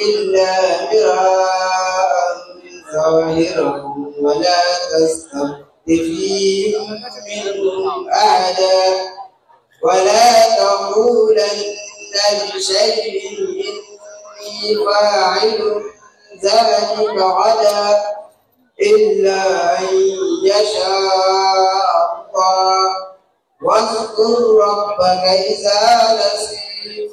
إلا مراء ظاهرا ولا تستبد فيهم منهم أحدا ولا تقولن لشيء إني فاعل ذلك غدا إلا أن يشاء الله واذكر ربك إذا نسيت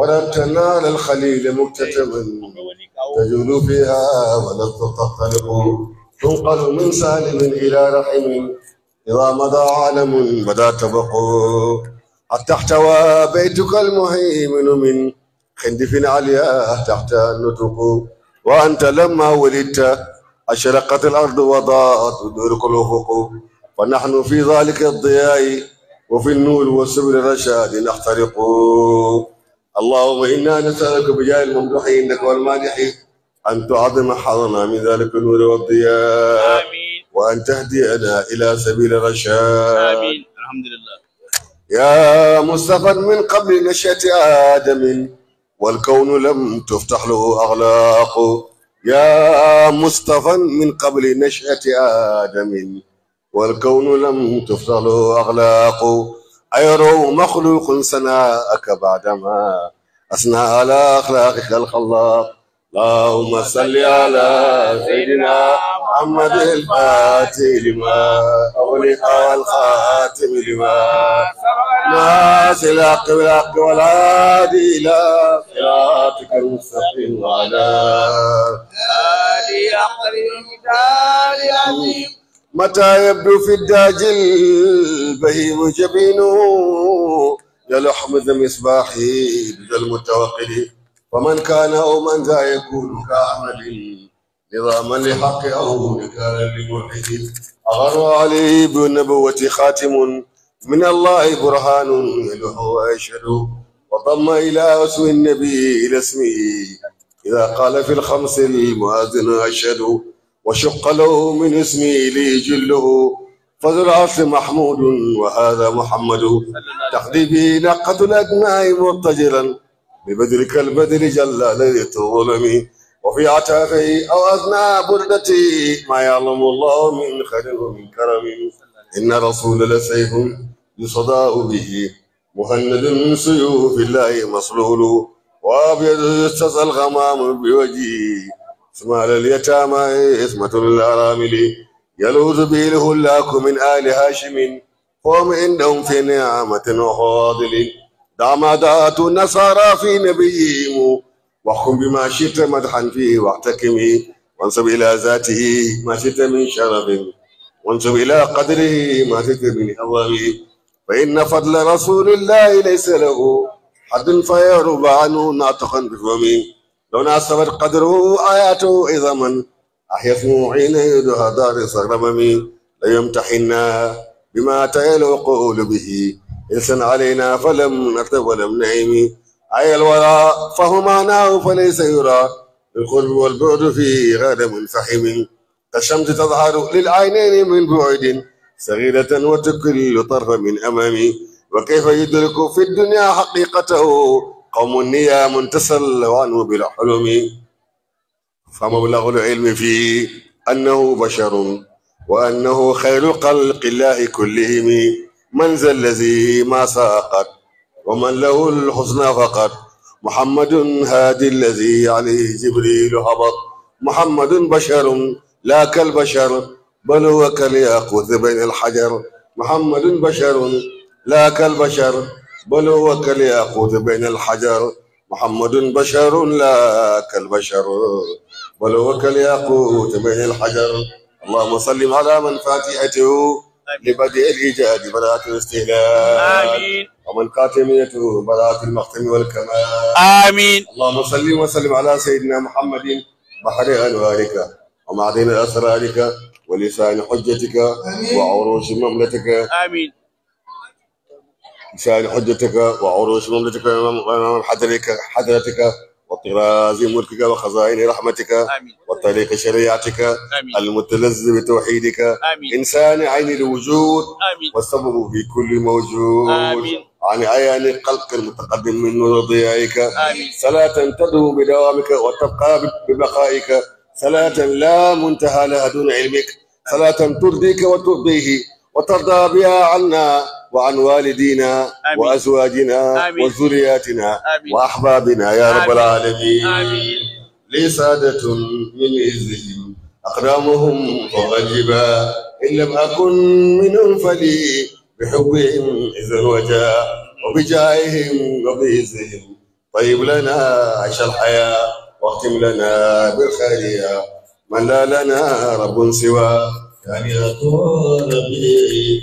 ولم تنال الخليل مكتتبا تجول فيها ولم تختلق تنقل من سالم إلى رحم إذا مضى عالم بدا تبقو حتى احتوى بيتك المهيمن من خندف عليا تحت النطق وأنت لما ولدت أشرقت الأرض وضاءت دورك الأفق فنحن في ذلك الضياء وفي النور وسبل الرشاد نحترق اللهم إنا نسألك بجاه الممدوح إنك والمادح أن تعظم حظنا من ذلك النور والضياء آمين وأن تهدينا إلى سبيل الرشاد آمين الحمد لله يا مصطفى من قبل نشأة آدم والكون لم تفتح له اغلاقه يا مصطفى من قبل نشأة آدم والكون لم تفتح له اغلاقه أيرو مخلوق سناءك بعدما أثنى على أخلاقك الخلاق اللهم صل على سيدنا محمد الفاتح لما أغلق والخاتم لما ناس الحق بالحق والهادي إلى صراطك المستقيم وعلى آل أقرب المدار العظيم متى يبدو في الداج البهيم جبينه يلح مثل مصباحي بذا المتوقد ومن كان أو من ذا يكون كأحمد نظاما لحق أو نكالا لموحد أغر عليه بالنبوة خاتم من الله برهان يلوح ويشهد وضم إلى اسم النبي إلى اسمه إذا قال في الخمس المؤذن أشهد وشق له من اسمي لي جله فذو العرش محمود وهذا محمد تقديمي نقة الأدناء مرتجلا ببدرك البدر جل ليلة تظلمي وفي عتاقي أو أدنى بردتي ما يعلم الله من خير ومن كرم إن رسول لسيف يصداء به مهند من سيوف الله مصلول وأبيض يستسى الغمام بوجهه على اليتامى إثمة للأرامل يلوذ به الهلاك من آل هاشم قوم إنهم في نعمة وفواضل دع ما دعت النصارى في نبيهم وحكم بما شئت مدحا فيه واحتكم وانسب إلى ذاته ما شئت من شرف وانسب إلى قدره ما شئت من هوام فإن فضل رسول الله ليس له حد فيرب عنه ناطقا بفمه لو ناسبت قدره آياته إذا من أحيف معين يدها دار صغرمم ليمتحنا بما تيلو قول به إنسان علينا فلم نرتب ولم نعم أي الوراء فهو معناه فليس يرى القرب والبعد في غير منفحم كالشمس تظهر للعينين من بعد صغيرة وتكل طرف من أمامي وكيف يدرك في الدنيا حقيقته قوم النية لوانه بلا بالحلم فمبلغ العلم فيه أنه بشر وأنه خير خلق الله كلهم من ذا الذي ما ساقت ومن له الحسنى فقط محمد هادي الذي عليه جبريل هبط محمد بشر لا كالبشر بل هو كالياقوت بين الحجر محمد بشر لا كالبشر بل هو كالياقوت بين الحجر محمد بشر لا كالبشر بل هو كالياقوت بين الحجر اللهم صل على من فاتحته لبدء الايجاد براءة الاستهلاك امين ومن قاتميته براءة المختم والكمال امين اللهم صل وسلم على سيدنا محمد بحر انوارك ومعدن اسرارك ولسان حجتك وعروش مملتك امين شاهد حجتك وعروش مملتك وامام حضرتك حضرتك وطراز ملكك وخزائن رحمتك آمين. وطريق شريعتك آمين. المتلزم بتوحيدك آمين. إنسان عين الوجود آمين. والسبب في كل موجود آمين. عن عيان قلق المتقدم من نور ضيائك امين صلاة تدعو بدوامك وتبقى ببقائك صلاة لا منتهى لها دون علمك صلاة ترضيك وترضيه وترضى بها عنا وعن والدينا آمين. وأزواجنا آمين. وذرياتنا آمين. وأحبابنا يا رب العالمين آمين. لي سادة من إذهم أقدامهم وغلبا إن لم أكن منهم فلي بحبهم إذا وجاء وبجاههم وبإذهم طيب لنا عيش الحياة واختم لنا بالخيرية من لا لنا رب سوى يعني أقوى ربي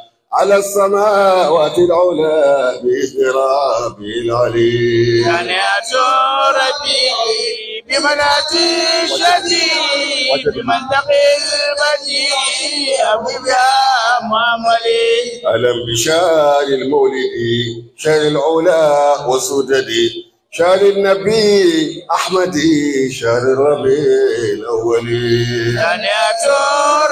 على السماوات العلى بإضراب العلي يعني أدعو ربي بمناتي شدي بمنطقي بدي أبي بها معملي ألم بشار المولد شار العلا وسجدي شار النبي أحمد شار الربيع الأولي يعني أدعو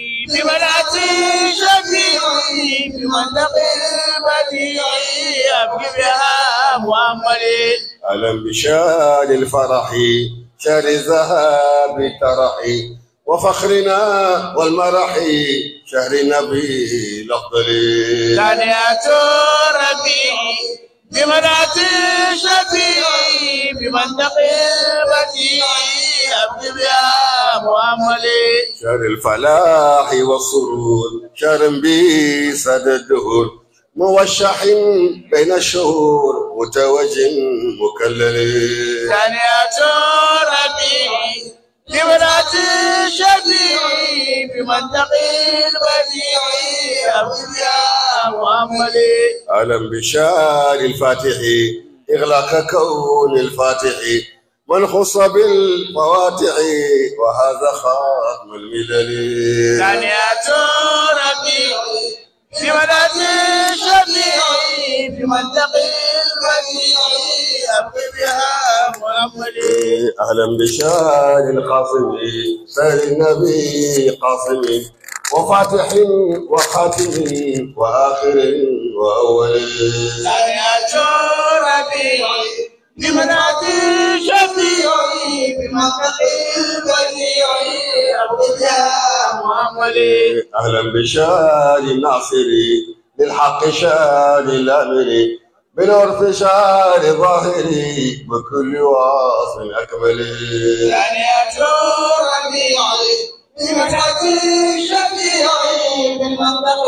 على شفيعي بمنطق مؤملي الفرح شال الذهب للترحي وفخرنا والمرح شهر النبي الأفضل لعنة ربي بمنعة مؤملي شهر الفلاح والسرور شهر بسد الدهور موشح بين الشهور متوج مكلل ثانية ربي لولاة الشفيع بمنطق البديع أولياء وأملي ألم بشان الفاتح إغلاق كون الفاتح من خص بالفواتح وهذا خاتم الملل ثانية ربيع بمنزل الشفيع بمنطق البديع أمضي بها وأمضي أهلا بشان القاسم سيد النبي قاسم وفاتح وخاتم وآخر وأول أن أشعر بي بمنعتي شفيعي بمنطق بديعي أمضي بها وأمضي أهلا بشان الناصري للحق شاد الأمري بالارتشار ظاهري بكل واصف أكملي يعني أتور ربيعي بمدحتي شفيعي بالمنطق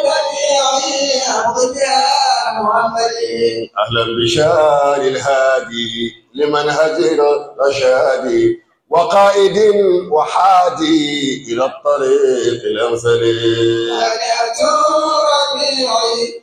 بديعي يا محمدي أهلا بشار الهادي لمنهج الرشاد وقائد وحادي إلى الطريق الأمثل يعني أتور ربيعي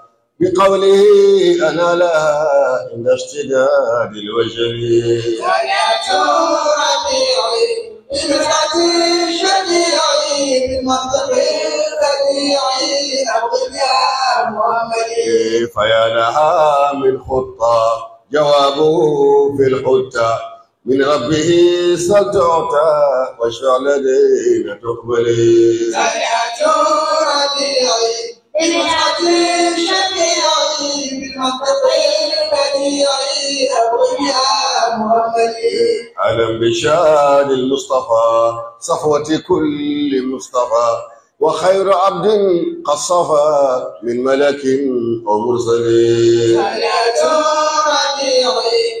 بقوله أنا لها عند اشتداد الوجه ونعت ربيعي بمسعة شفيعي بالمنطق البديعي أبغض يا محمدي فيا لها من خطة جوابه في الحتة من ربه ستعطى واشفع لدينا تقبلي سمعت ربيعي بمنعتين شفيعي أبويا ألم بشان المصطفى صفوة كل مصطفى وخير عبد قد صفى من ملك ومرسل صلاة ربيعي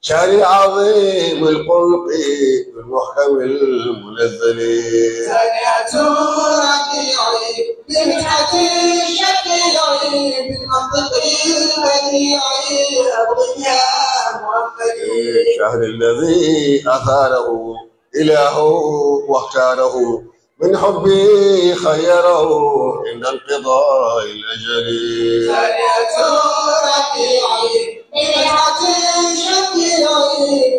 شان عظيم القلقي بالمحكم المنزل سمعت ربيعي بمنحتي شفيعي بالمنطق البديعي ابغي يا محمد الشهر الذي اثاره اله واختاره من حبي خيره عند انقضاء الاجل سمعت ربيعي الشهر شفيعي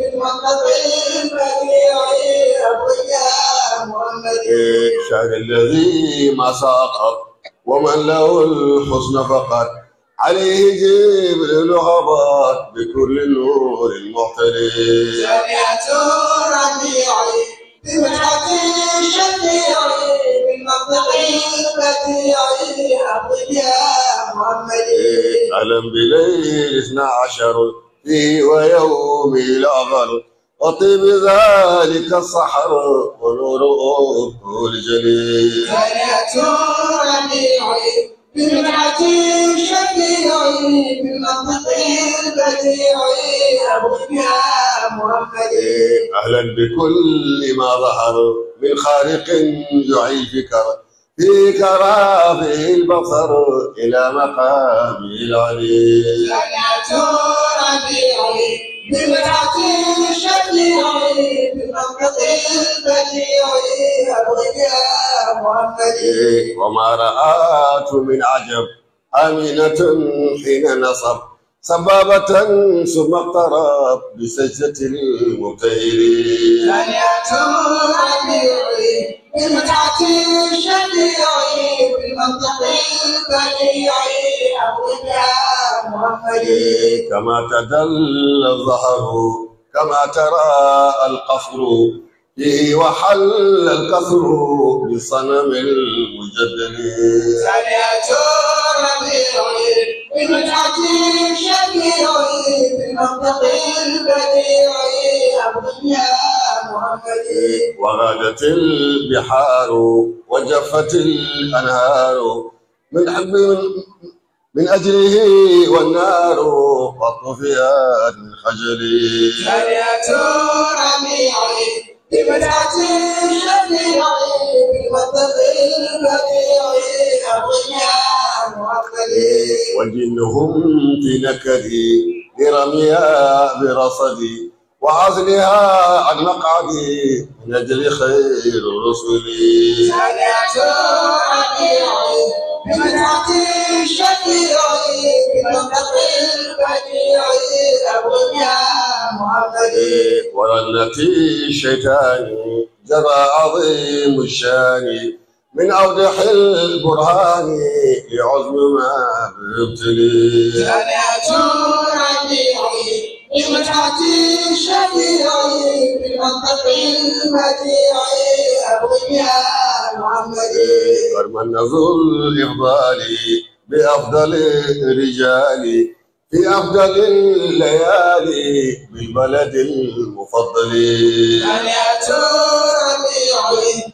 يا الذي ما ساقط ومن له الحسن فقط عليه جبريل هبط بكل نور محتلي جامعة ربيعي يا محمدي ألم بليل اثنا عشر في ويومي الأغر وطيب ذلك الصحر ونور كل جليل هنأت ربيعي بالعجيب شفيعي بالمنطقي البديعي أبوك يا محمدي أهلا بكل ما ظهر من خالق جعي فكر في رافع البصر إلى مقام العلي سمعت ربيعي وما رآت من عجب أمينة حين نصب سبابة ثم اقترب بسجدة المبتهل ثانية ربيعي بمتعتي شفيعي بمنطق البديعي ابغي يا كما تدل الظهر كما ترى القفر به وحل الكفر بصنم المجدد سمعت ربيعي يا وغادت البحار وجفت الأنهار من حب من أجله والنار قد طفئت من خجلي لن يثور ربيعي بمدعتي شفيعي بالمتقي بديعي الرجال معقلي والجن هم في نكدي برميها برصدي وعزلها عن مقعدي من أجل خير الرسل بمنعة شفيعي بمنعة بديعي شيطاني جرى عظيم الشاني من أوضح البرهان لعظم ما ابتلي سمعت ربيعي بمدحة شفيعي بالمنطق البديع أبغي يا محمدي قد النظر الإقبال بأفضل رجالي في أفضل الليالي بالبلد المفضل سمعت ربيعي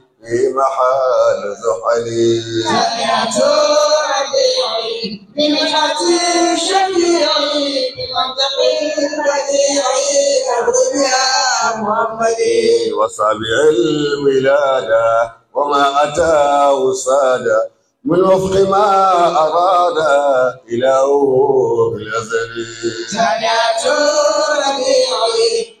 في محال زحلي ربيعي شفيعي بديعي يا وصابع الولادة وما أتى وصادا من وفق ما أراد إله الأزل سمعت ربيعي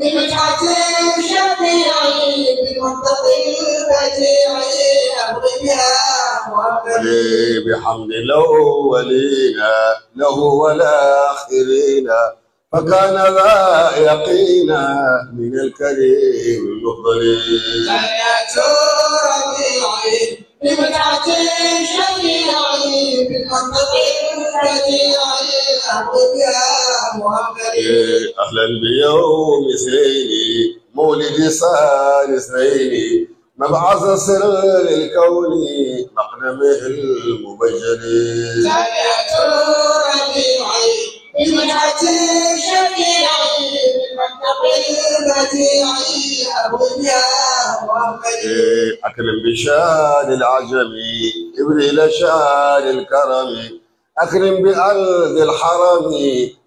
بمتعة شفيعي بمنطق بحمد الأولين له والآخرين فكان ذا يقينا من الكريم المخبرين جنة ربيعي بمتعة شنيعي بالمنطق يا أهلا بيوم اثنين مولد صار اثنين مبعث سر للكون مقدمه المبجل سمعت ربيعي بدعة أبو أكرم بشان العجم إبريل شان الكرم أكرم بأرض الحرم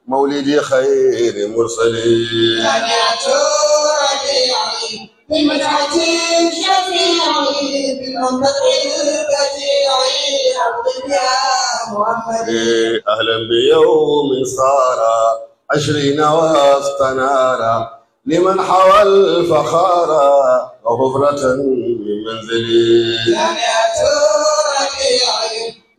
مولدي خير مرسلين شفيعي يا أهلا بيوم صار عشرين وسط نارا لمن حوى الفخارة وغفرة من منزلي جامعة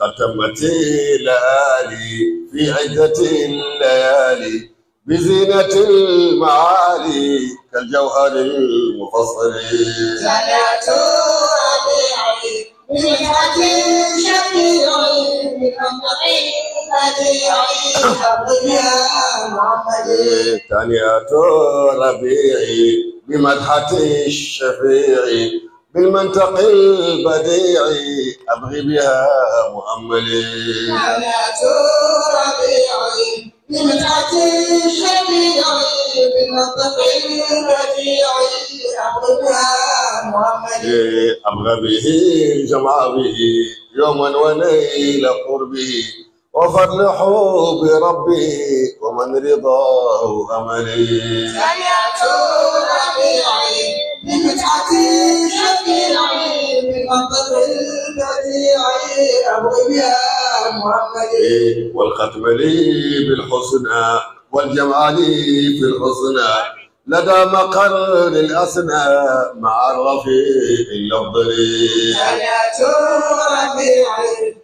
قتمت ليالي في عدة الليالي بزينة المعالي كالجوهر المفصل جنات ربيعي بزينة شفيعي بمنطقي ربيعي بمدحة الشفيعي بالمنطق البديع أبغي بها مؤملي حياه ربيعي لمتعة الشبيع بالمنطق البديع أبغي بها مؤملي إيه، أبغى به الجمع به يوما وليل قربه وفضل حب ربه ومن رضاه أملي حياه ربيعي من البديع والختم لي بالحسنى والجمال في الحسنى لدى مقر الأسنى مع الرفيق الأفضل. سنة ربيعي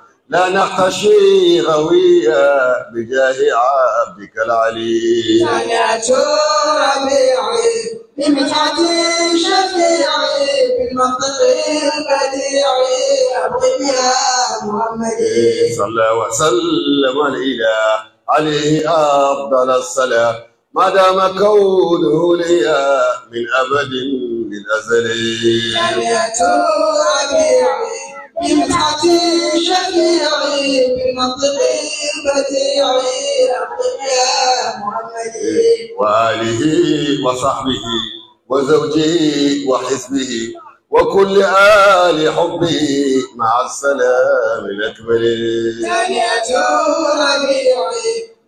لا نحشي غويا بجاه عبدك العلي سمعت ربيعي بمنحتي شفيعي بالمنطق البديع أبغي يا محمد صلى وسلم الإله عليه أفضل الصلاة ما دام كونه لي من أبد من أزلي سمعت ربيعي شفيعي وآله وصحبه وزوجه وحزبه وكل آل حبه مع السلام الأكبر ثانية ربيعي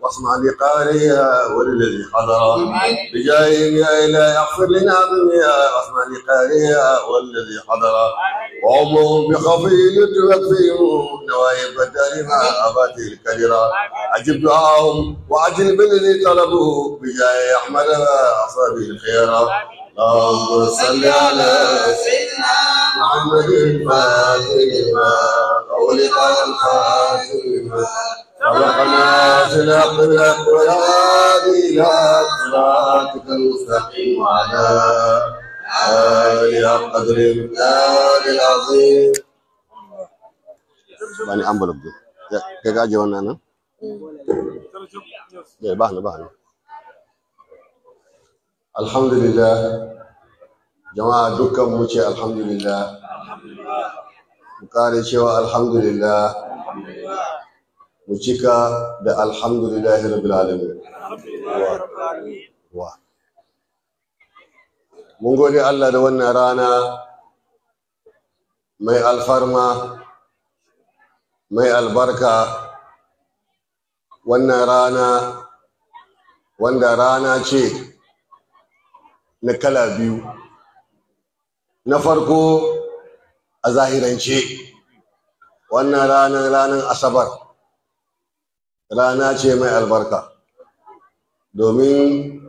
واصنع لقارئها وللذي حضر بجاههم يا إلهي اغفر لنا ذنبها واصنع لقارئها وللذي حضر وعمهم بخفي يدرك فيهم نوايب الدار مع أباته الكريرة أجب دعاهم وعجل بالذي طلبوه بجاه يحمل أصابي الخيرة اللهم صل على سيدنا محمد الفاتح لما أولق الخاتم ربنا اتنا لك الاموال والى صراطك المستقيم على آل قدر الله العظيم يعني أمبل بدو كيكا جوانا أنا يا بحنا بحنا الحمد لله جماعة دكان موشي الحمد لله الحمد لله مقاري شوى الحمد لله mu cika da alhamdulillahi rabbil alamin mun gode Allah da wannan rana mai alfarma mai albarka wannan rana wanda rana ce na kala biyu na farko a zahirance wannan ranar ranar asabar rana ce mai albarka domin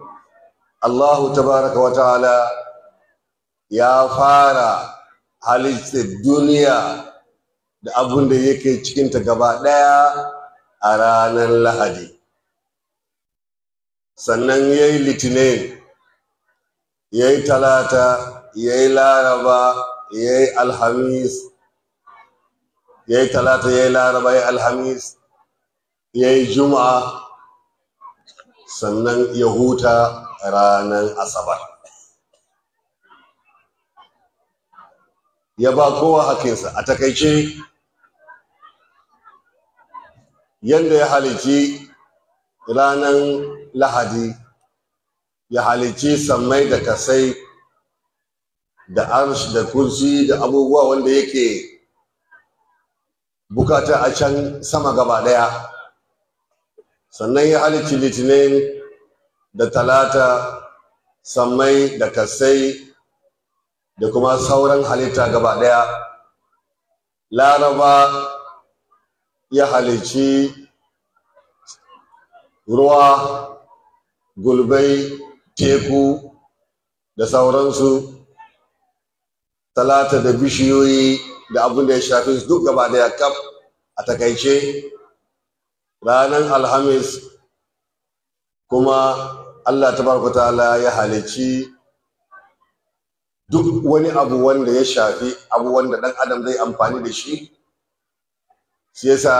Allahu tabaraka wa ta'ala ya fara halitta duniya da abun da yake cikinta gaba ɗaya a ranar lahadi sannan ya yi litinin ya yi talata ya yi laraba ya yi alhamis ya yi talata ya yi laraba ya yi alhamis Yayi juma'a sannan ya huta ranar asabar ya ba kowa hakinsa a takaice yadda ya halici ranar lahadi ya halici sammai da kasai da arsh da kursi da abubuwa wanda yake bukata a can sama gaba daya sannan ya halicci litinin da talata sammai da kasai da kuma sauran halitta gaba ɗaya laraba ya halicci ruwa gulbai teku da sauransu talata da bishiyoyi da abin da ya shafi duk gaba daya kaf a takaice ranar alhamis kuma allah ta ta'ala ya halici duk wani abu wanda ya shafi abu wanda ɗan adam zai amfani da shi shi yasa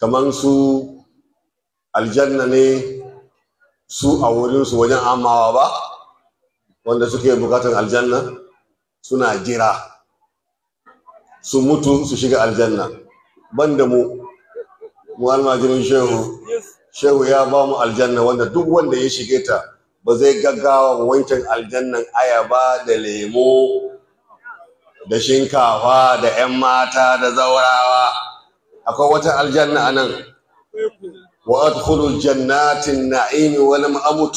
kamar su aljanna ne su a wurinsu wajen amawa ba wanda suke bukatar aljanna suna jira su mutu su shiga aljanna banda mu mu almajirin shehu shehu ya ba mu aljanna wanda duk wanda ya shige ta ba zai gaggawa wancan aljannan ayaba da lemo da shinkafa da 'yan mata da zaurawa akwai wata aljanna a nan wa adkhulu jannatin na'imi wa lam amut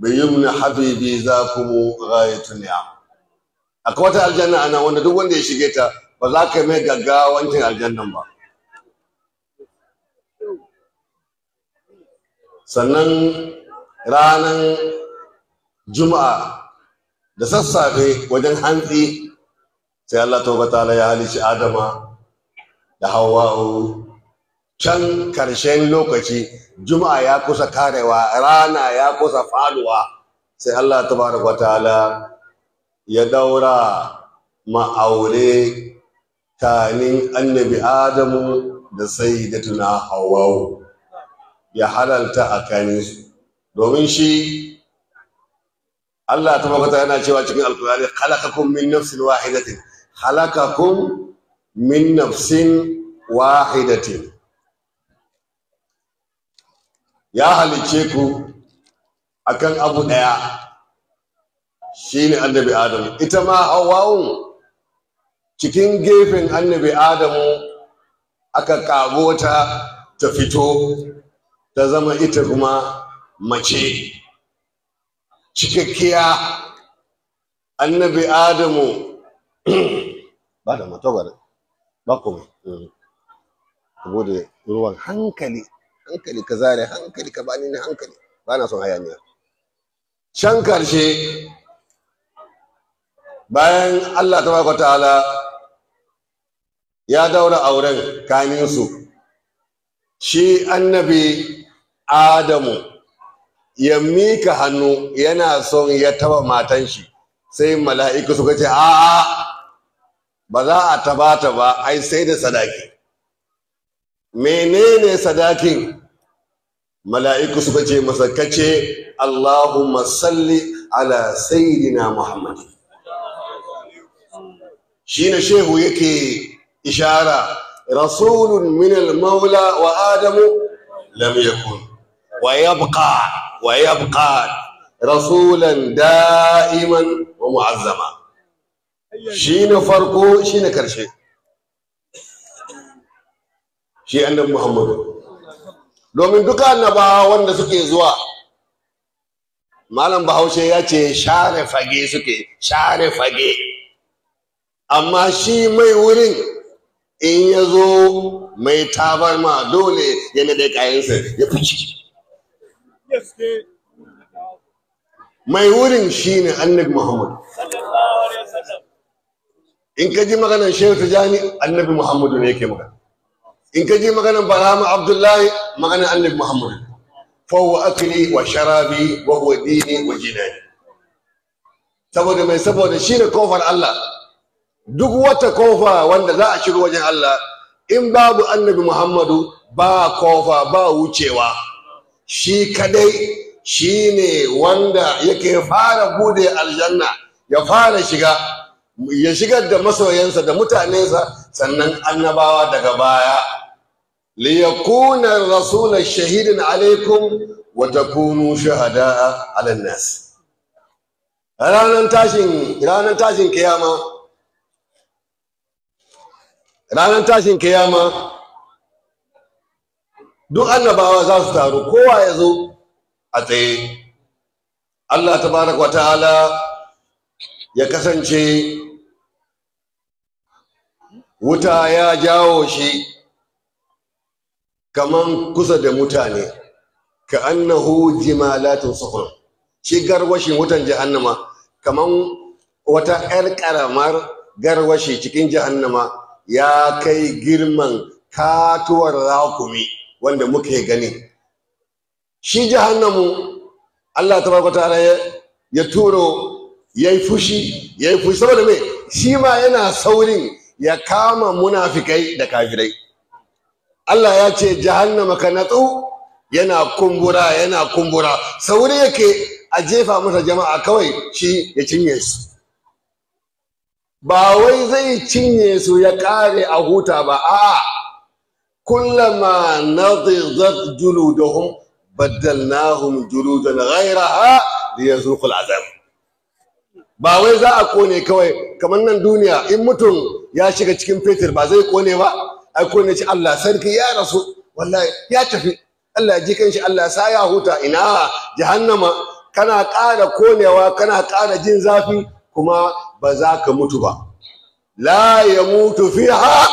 bi yumna habibi zakum ghayatun ni'am akwai wata aljanna a nan wanda duk wanda ya shige ta ba za ka mai gaggawa wancan aljannan ba sannan ranar juma'a da sassafe wajen hantsi sai Allah ta'ala ya halici Adama da Hawwa'u can karshen lokaci juma'a ya kusa karewa rana ya kusa faluwa sai Allah tabaraka ta'ala ya daura ma'aure kanin annabi Adamu da sai da sayyidatuna hawau ya halalta a kane su domin shi Allah ta bakata yana cewa cikin alkurani halakakun min nafsin wahidatin halakakun min nafsin wahidatin ya halice ku akan abu daya shine annabi adam ita ma hawawun cikin gefen annabi adamu aka kago ta ta fito ta zama ita kuma mace cikakkiya annabi adamu ba da matogwar ba kuma da ruwan hankali hankali ka zare hankali ka bani na hankali ba na son hayaniya can karshe bayan allah ta tabaraka ta'ala ya daura auren kaninsu shi annabi adamu ya mika hannu yana son ya taba matan shi sai mala'iku suka ce a'a ba za a taba ta ba ai sai da sadaki menene sadakin mala'iku suka ce masa kace Allahu salli ala sayyidina Muhammad shine shehu yake ishara rasulun minal maula wa adamu lam yakun ويبقى ويبقى رسولا دائما ومعظما شين فرقو karshe كرشي شي أن محمد domin duka annabawa wanda suke zuwa malam bahaushe ya ce share fage suke share fage amma shi mai wurin in ya zo mai tabarma dole ya nade kayansa ya fice mai wurin shi ne annabi muhammad in ka ji maganar shehu tijani annabi muhammadu ne yake magana in ka ji maganar barama abdullahi maganar annabi muhammadu fawo akili, wa sharabi wa huwa wa jinani saboda mai saboda shi ne kofar allah duk wata kofa wanda za a shiru wajen allah in babu annabi muhammadu ba kofa ba wucewa shi kadai shi ne wanda yake fara bude aljanna ya fara shiga ya shigar da masoyansa da mutanensa sannan annabawa daga baya liyakuna rasulun shahidin alaikum wa takunu shuhada'a ala nas ranan tashin ranan tashin kiyama ranan tashin kiyama duk annabawa za su taru kowa ya zo a tsaye Allah tabarak wa ta'ala ya kasance wuta ya jawo shi kaman kusa da mutane ka annahu jimalatun sufur shi garwashi wutan jahannama kaman wata 'yar karamar garwashi cikin jahannama ya kai girman katuwar rakumi wanda muke gani shi jahannamu Allah ta baka ta'ala ya ya turo fushi fushi yi fushi saboda me shi ma yana saurin ya kama munafikai da kafirai Allah ya ce jahannama ka natsu yana kumbura yana kumbura sauri yake a jefa masa jama'a kawai shi ya cinye su ba wai zai cinye su ya kare a huta ba a'a كلما نضجت جلودهم بدلناهم جلودا غيرها ليذوقوا العذاب ba wai za a kone kawai kamar nan duniya in mutum ya shiga cikin fetur ba zai kone ba a kone shi Allah sarki ya rasu wallahi ya tafi Allah ji kanshi Allah sa ya huta ina jahannama kana ƙara konewa kana ƙara jin zafi kuma ba za ka mutu ba la ya mutu fiha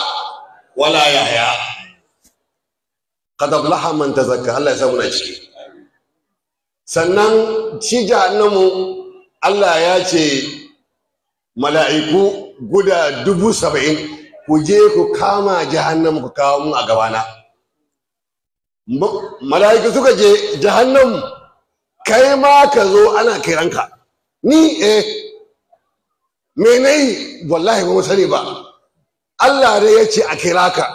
wala yahya qad aflaha man tazakka Allah ya sa muna ciki sannan shi jahannamu Allah ya ce mala'iku guda dubu saba'in ku je ku kama jahannamu ku kawo mu a gabana mala'iku suka je jahannamu kai ma ka zo ana kai ranka ni eh me nayi wallahi ba mu sani ba Allah dai ya ce a kira ka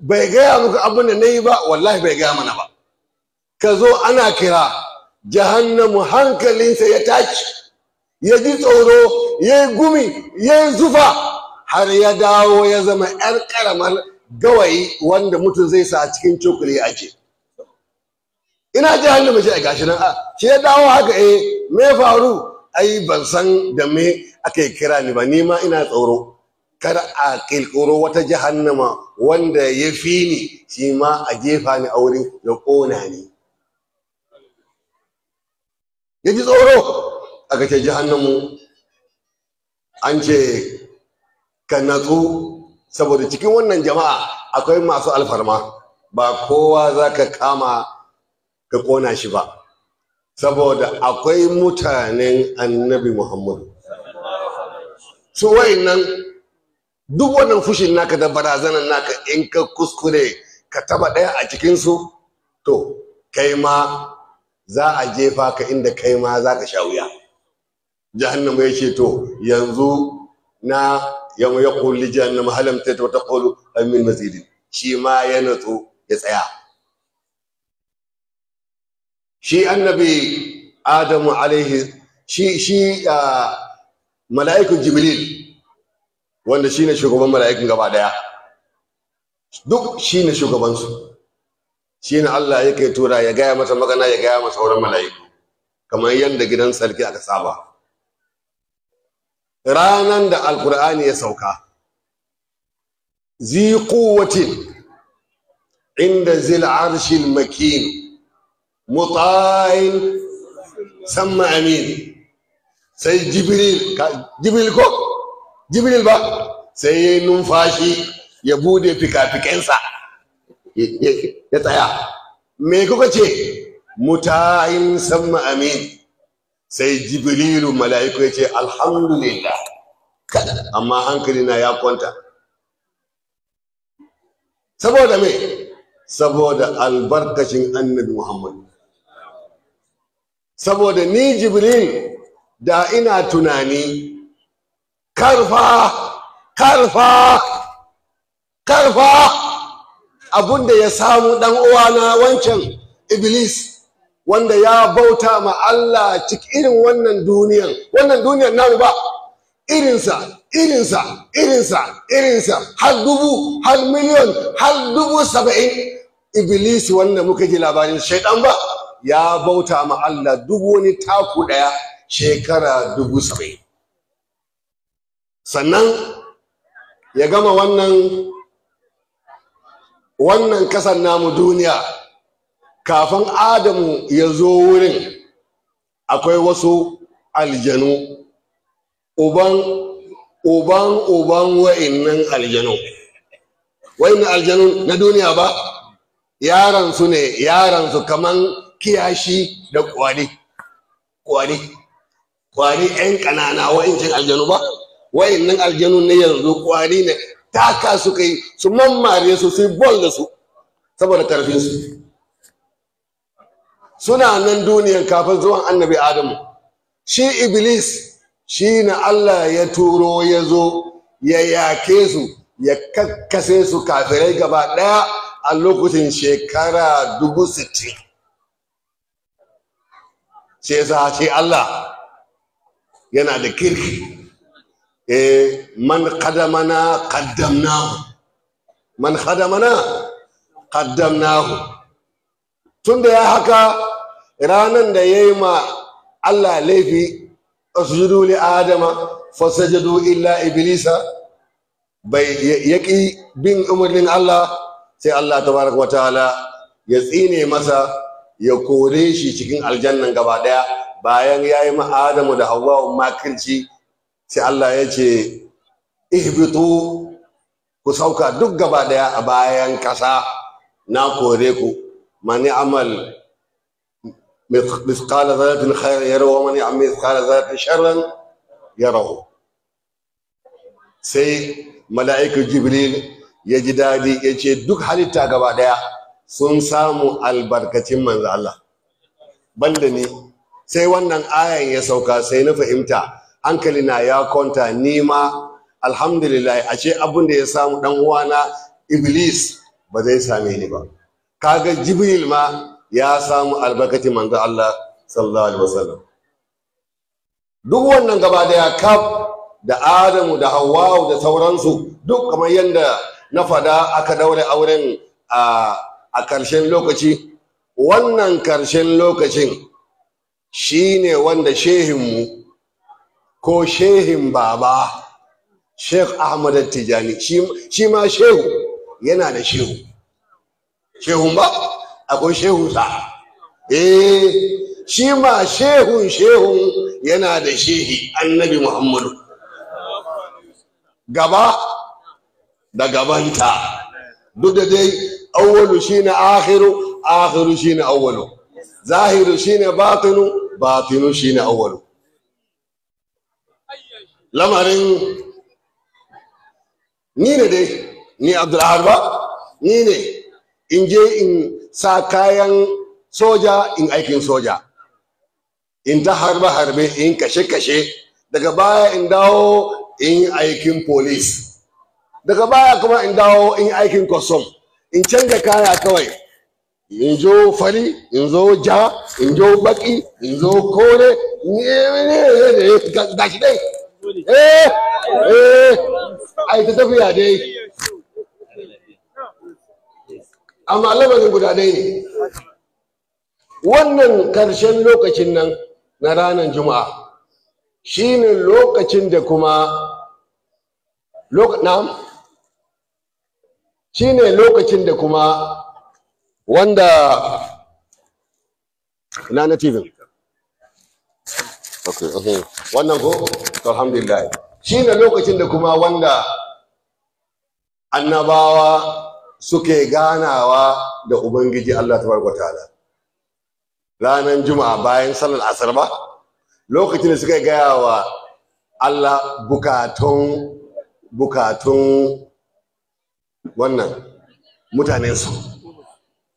bai gaya muku abin da na yi ba wallahi bai gaya mana ba ka zo ana kira jahannamu hankalinsa ya tashi ya ji tsoro ya yi gumi ya yi zufa har ya dawo ya zama 'yar karamar gawayi wanda mutum zai sa cikin cokali ya ake ina jahannama shi a gashi nan a shi ya dawo haka eh me faru ai ban san da me aka kira ni ba ni ma ina tsoro kar a kirkiro wata jahannama wanda ya fi ni shi ma a jefa ni a wurin ya ƙona ni ya ji tsoro aka ce jahannamu an ce ka natsu saboda cikin wannan jama'a akwai masu alfarma ba kowa za ka kama ka ƙona shi ba saboda akwai mutanen annabi muhammadu su nan. duk wannan fushin naka da barazanan naka in ka kuskure ka taba ɗaya a cikinsu to kai ma za a jefa ka inda kai ma za ka sha wuya jahannama ya ce to yanzu na yamu ya kulli jahannama halam ta ta kulu amin mazidin shi ma ya natsu ya tsaya shi annabi adamu alaihi shi shi ah, mala'ikun jibril wanda shine shugaban mala'ikun gaba daya duk shine shugaban su shine Allah ya kai tura ya gaya mata magana ya gaya masa sauran mala'iku kamar yadda gidan sarki aka saba Ranar da alkur'ani ya sauka zi quwwatin inda zil arshil makin muta'in samma amin sai jibril jibril ko jibril ba sai ya yi numfashi ya bude fikafikensa ya tsaya me kuka ce mutayin samma amin sai jibrilu mala'iku ya ce alhamdulillah amma hankalina ya kwanta saboda me saboda albarkacin annabi muhammad saboda ni jibril da ina tunani karfa karfa karfa abunda ya samu dan uwana wancan iblis wanda ya bauta ma Allah cikin irin wannan duniyar wannan duniyar namu ba irinsa irinsa irinsa irinsa har dubu har miliyon har dubu saba'in iblis wanda muka ji labarin shaidan ba ya bauta ma Allah dubu wani taku daya shekara dubu saba'in sannan ya gama wannan wannan kasan namu duniya kafin adamu ya zo wurin akwai wasu aljanu uban uban uban wa'innan aljanu wa'innan aljanu na duniya ba yaransu ne yaransu kaman kiyashi da kwari kwari kwari 'yan ƙanana wa'incin aljanu ba nan aljanun ne yanzu kwari ne taka su kai su mammare su su bol da su saboda karfin su suna nan duniyan kafin zuwan annabi adamu shi iblis shi na allah ya turo ya zo ya yake su ya kakkase su kafirai gaba ɗaya a lokacin shekara dubu sittin sai sa ce allah yana da kirki eh man qadamana qaddamnahu man qadamana qaddamnahu tunda ya haka ranan da yayi ma Allah laifi asjudu li adama fasajadu illa iblisa bai yaki bin umarnin Allah sai Allah tabaraka wataala ya tsine masa ya kore shi cikin aljannan gaba daya bayan yayi ma Adamu da Hawwa makirci sai Allah ya ce ihbitu ku sauka duk gaba daya a bayan kasa na kore ku mani amal mithqala dharratin khairan yarahu mani amal mithqala dharratin sharran yarahu sai mala'ika jibril ya ji dadi ya ce duk halitta gaba daya sun samu albarkacin manzo Allah banda ni sai wannan ayan ya sauka sai na fahimta hankali na ya kwanta nima ma a ashe abin da ya samu dan uwana iblis ba zai same ni ba kaga jibril ma ya samu albarkati manzo Allah sallallahu alaihi wasallam duk wannan gaba daya kaf da adamu da hawwa'u da sauransu duk kamar yadda na fada aka daure auren a a karshen lokaci wannan karshen lokacin shine wanda shehinmu ko shehin baba sheikh ahmad tijani shi ma shehu yana da shehu shehun ba akwai shehu sa eh shi ma shehun shehun yana da shehi annabi muhammadu gaba da gabanta duk da dai awwalu shine akhiru akhiru shine awwalu zahiru shine batinu batinu shine awwalu lamarin ni ne dai ni abdulahar ba ni ne in je in sa kayan soja in aikin soja in ta harbe harbe in kashe kashe daga baya in dawo in aikin polis, daga baya kuma in dawo in aikin kwasom in canza kaya kawai in zo fari in zo ja in zo baki in zo kore ne ne ne ne dai eh eh ai ta tafiya dai amma lamarin guda dai ne wannan ƙarshen lokacin nan na ranar juma'a shi ne lokacin da kuma shi ne lokacin da kuma wanda na na TV. okay okay wannan ko alhamdulillah Shi ne lokacin da kuma wanda annabawa suke ganawa da ubangiji Allah Ta tabaraka ta'ala ranar juma'a bayan sallar asar ba lokacin da suka gaya wa Allah bukatun bukatun wannan mutanensu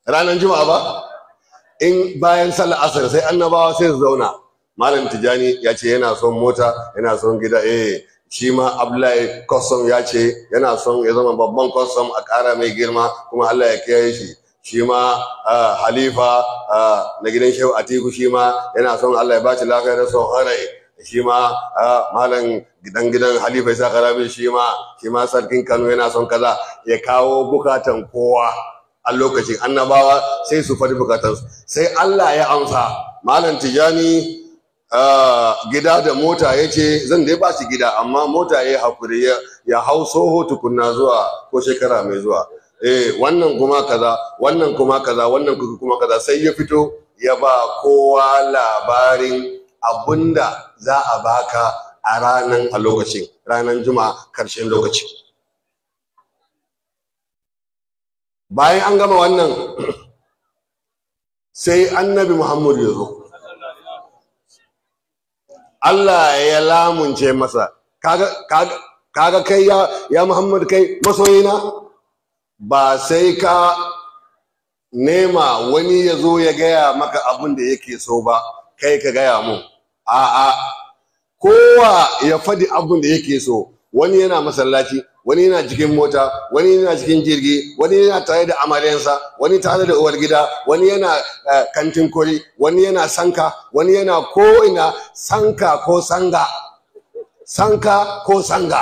ranar juma'a ba in bayan sallar asar sai annabawa sai su zauna malam tijani ya ce yana son mota yana son gida eh shi ma abdullahi custom ya ce yana son ya zama babban custom a ƙara mai girma kuma allah ya kiyaye shi shi ma ah, halifa ah, na gidan shehu atiku shi ma yana son allah ya bace lafiya da son harai shi ma ah, malam gidan gidan halifa isa karabi shi ma shi ma sarkin kano yana son kaza ya kawo bukatan kowa a lokacin annabawa sai su faɗi bukatansu sai allah ya amsa malam tijani gida da mota ya ce zan dai ba shi gida amma mota ya haƙuri ya hau soho tukunna zuwa ko shekara mai zuwa eh wannan kuma kaza wannan kuma kaza wannan kuma kaza sai ya fito ya ba kowa labarin abunda za a baka a ranan a lokacin ranan juma'a karshen lokaci bayan an gama wannan sai annabi Muhammadu ya zo Allah ya lamunce masa kaga kai ya ya Muhammad kai masoyina ba sai ka nema wani ya zo ya gaya maka abin da yake so ba kai ka gaya mu a'a kowa ya faɗi abin da yake so wani yana masallaci wani yana cikin mota wani yana cikin jirgi wani yana tare da amarensa wani tare da uwar gida wani yana eh, kantin kori wani yana sanka wani yana ko ina sanka ko sanga sanka ko sanga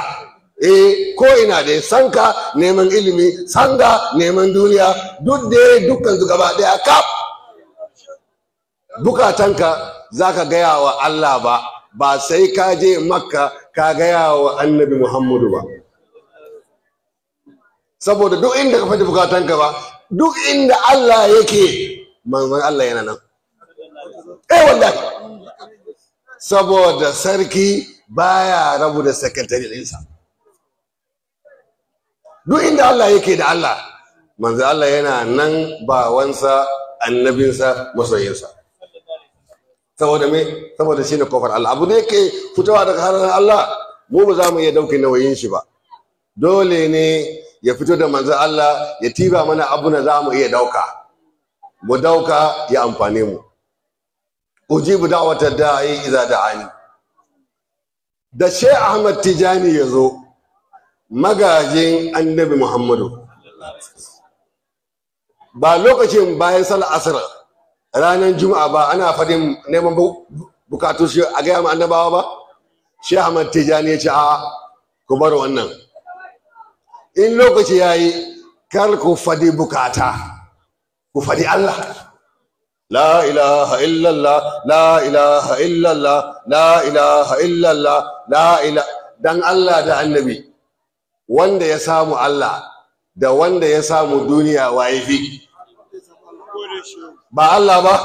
eh ko ina dai sanka neman ilimi sanga neman duniya duk da dukkan su gaba daya ka, bukatanka zaka gaya wa Allah ba ba sai ka je makka ka gaya wa annabi muhammadu ba saboda duk inda ka faɗi bukatanka ba duk inda Allah yake manzon Allah yana nan eh wallahi saboda sarki baya rabu da sakatare ɗinsa duk inda Allah yake da Allah manzo Allah yana nan ba wansa annabinsa masoyinsa saboda me saboda shine kofar Allah abu ne yake fitowa daga harin Allah mu ba za mu iya ɗauki nauyin shi ba dole ne ya fito da manzo Allah ya tiba mana abu na zamu iya dauka mu dauka ya amfane mu ujibu da'watar da'i idza da'ani da she Ahmad Tijani yazo magajin Annabi Muhammadu ba lokacin bayan sal asr ranar juma'a ba ana fadin neman bukatu shi a ga annabawa ba she Ahmad Tijani ya ce a ku bar wannan in lokaci ya yi kar ku faɗi bukata ku faɗi Allah la ilaha illallah la ilaha illallah la ilaha illallah la ila dan Allah da annabi wanda ya samu Allah da wanda ya samu duniya waye fi ba Allah ba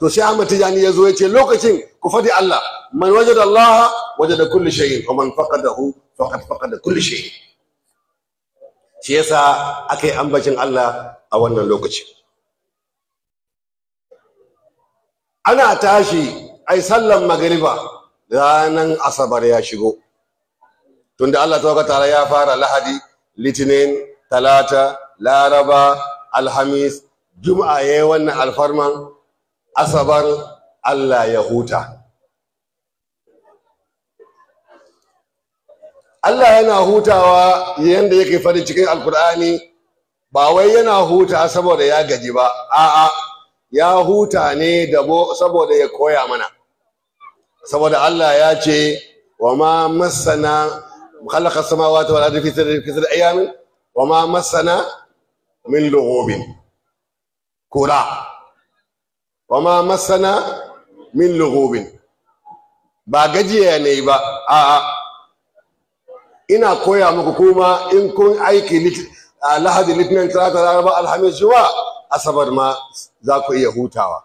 to sai Ahmad Tijani ya zo ya ce lokacin ku faɗi Allah man wajada Allah wajada kulli shay'in wa man faqadahu faqad faqada kulli shay'in shi yasa aka yi ambacin Allah a wannan lokaci ana tashi ai sallan magariba ranar asabar ya shigo tunda Allah ta ta'ala ya fara lahadi litinin talata laraba alhamis juma'a yi wannan alfarman asabar Allah ya huta Allah yana hutawa yanda yake farin cikin alkur'ani ba wai yana huta saboda ya gaji ba a'a ya huta ne saboda ya koya mana saboda Allah ya ce wa ma masana khalaqa samawati wal ardi fi sittati ayamin wa ma masana min lughubin kura wa ma masana min lughubin ba gajiya ne ba a'a ina koya muku kuma in kun aiki a lahadi litinin talata laraba alhamis juwa asabar ma za ku iya hutawa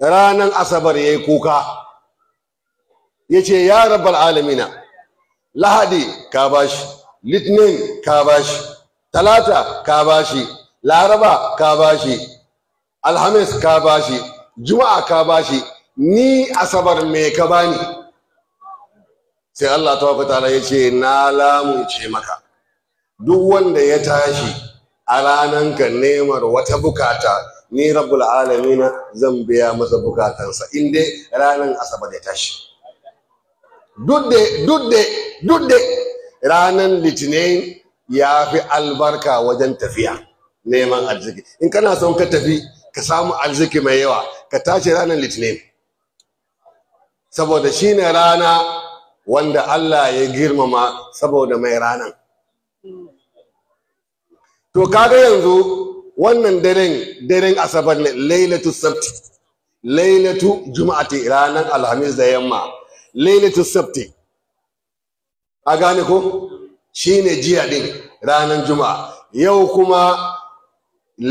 ranan asabar ya yi kuka ya ce ya rabar alamina lahadi ka bashi litinin ka bashi talata ka bashi laraba ka bashi alhamis ka bashi juma'a ka bashi ni asabar mai ka bani sai Allah ta ta'ala ya ce na lamunce maka duk wanda ya tashi a ka nemar wata bukata ni rabbul alamina zan biya masa bukatansa in dai ranar asabar ya tashi duk da duk ranar litinin ya fi albarka wajen tafiya neman arziki in kana son ka tafi ka samu arziki mai yawa ka tashi ranar litinin saboda shine rana wanda Allah ya girmama saboda mai ranan to kaga yanzu wannan daren daren asabar ne lailatu sabti lailatu juma'ati ranar alhamis da yamma lailatu sabti a gane ko shine jiya ɗin, ranar juma'a yau kuma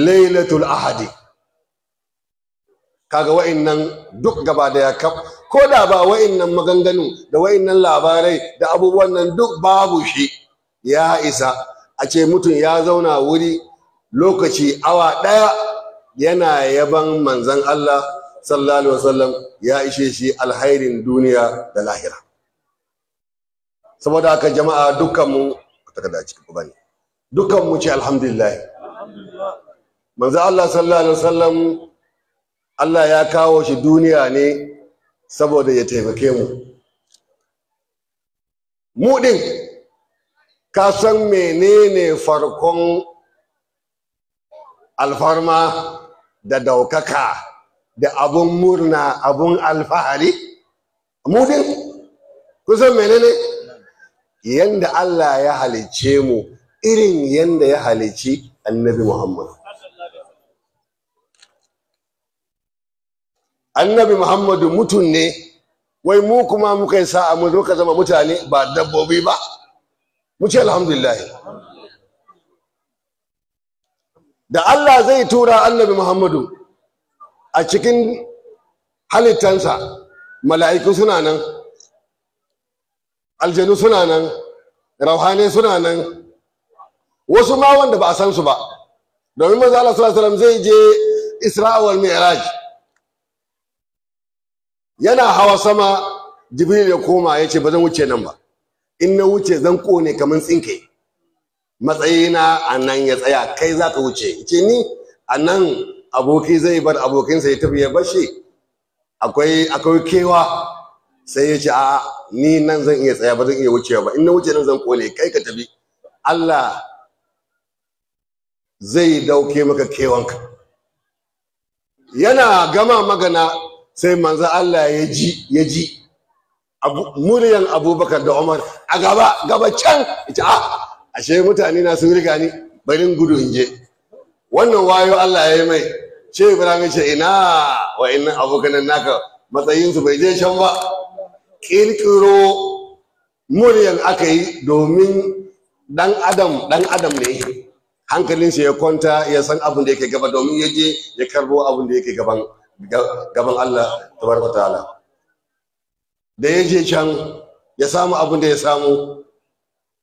lailatul ahadi kaga waɗannan duk gaba da ya kaf ko da ba wa'innan maganganu da wa'innan labarai da abubuwan nan duk babu shi ya isa a ce mutum ya zauna wuri lokaci awa ɗaya yana yaban manzan Allah sallallahu alaihi wasallam ya ishe shi alhairin duniya da lahira saboda haka jama'a dukkanmu takarda cikin bane dukkanmu ce alhamdulillah manzan Allah sallallahu alaihi wasallam Allah ya kawo shi duniya ne saboda ya taimake mu mu din ka san menene farkon alfarma da daukaka da abun murna abun alfahari mu kusan menene yanda Allah ya halicce mu irin yanda ya halici annabi Muhammad annabi muhammadu mutum ne wai mu kuma muka yi sa'a mu ka zama mutane ba dabbobi ba mu ce alhamdulillah da Allah zai tura annabi muhammadu a cikin halittansa mala'iku suna nan aljanu suna nan rauhane suna nan wasu ma wanda ba a san su ba domin maza Allah sallallahu zai je isra'awar Mi'raj yana hawa sama jibril ya koma ya ce ba zan wuce nan ba in na wuce zan kone kamar tsinke matsayina a nan ya tsaya kai za ka wuce ce ni a nan aboki zai bar abokinsa ya tafi ya bashi akwai akwai kewa sai ya ce a ni nan zan iya tsaya ba zan iya wucewa ba in na wuce nan zan kone kai ka tafi Allah zai dauke maka kewanka yana gama magana sai manzo Allah ya ji ya ji muryan abubakar da umar a gaba gaba can ita a ah, ashe mutane na sun riga ni barin gudu in je wannan wayo Allah ya yi mai ce ibrahim ce ina wa innan abokanan naka su bai je can ba kirkiro muryan aka yi domin dan adam dan adam ne shi ya kwanta ya san abin da yake gaba domin ya je ya karbo abin da yake gaban gaban Allah tabaraka ta'ala da ya je can ya samu abin da ya samu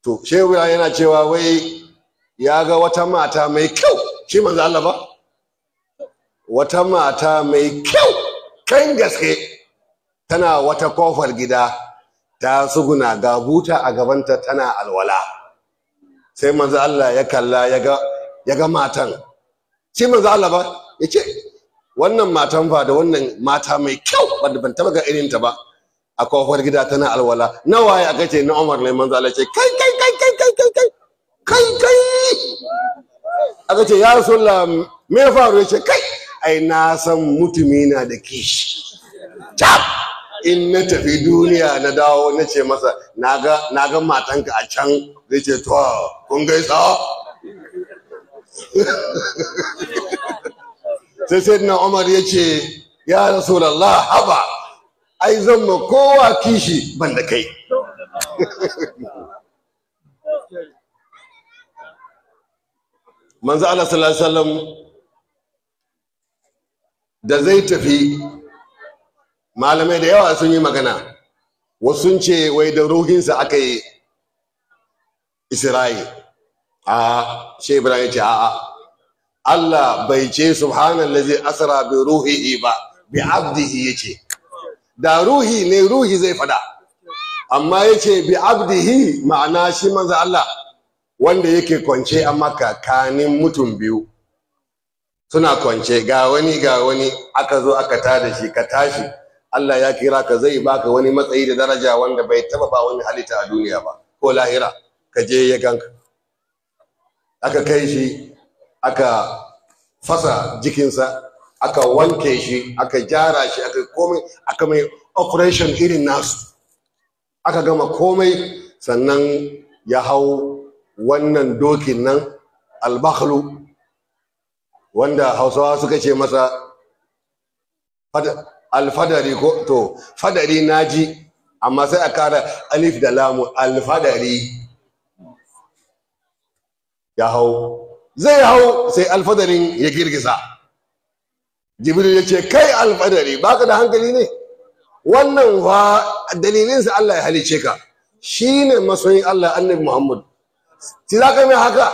to shehu yana cewa wai ya ga wata mata mai kyau shi manzo Allah ba wata mata mai kyau kan gaske tana wata kofar gida ta suguna ga buta a gabanta tana alwala sai manzo Allah ya kalla ya ga ya ga matan shi manzo Allah ba yace wannan matan fa da wannan mata mai kyau wanda ban taba ga irin ta ba a kofar gida tana alwala nawa ya aka na Umar ne manzo Allah ce kai kai kai kai kai kai kai kai kai aka ce ya Rasulullah me ya faru ya ce kai ai na san mutumi na da kishi tab in na tafi duniya na dawo na ce masa naga naga matanka a can zai ce to kun gaisa sai sayyidina umar ya ce ya rasulallah haba ai zan ma kowa kishi ban da kai manzo Allah sallallahu alaihi da zai tafi malamai da yawa sun yi magana wasu ce wai da ruhinsa aka yi isra'i a shebra ibrahim ce a'a Allah bai ce subhanallazi asara bi ruhihi ba bi abdihi yace da ruhi ne ruhi zai fada amma yace bi abdihi ma'ana shi manzo Allah wanda yake kwance a maka kanin mutum biyu suna kwance ga wani ga wani aka zo aka tada shi ka tashi Allah ya kira ka zai baka wani matsayi da daraja wanda bai taba ba wani halitta a duniya ba ko lahira ka je ya ganka aka kai shi aka fasa jikinsa aka wanke shi aka gyara shi aka komai aka mai operation irin nasu aka gama komai sannan ya hau wannan dokin nan albakalu wanda hausawa suka ce masa alfadari ko to fadari naji amma sai a kara alif da lamu alfadari ya hau zai hau sai alfadarin ya girgiza jibril ya ce kai alfadari baka da hankali ne wannan wa dalilinsa Allah ya halice ka shine masoyin Allah annabi Muhammad ti za ka mai haka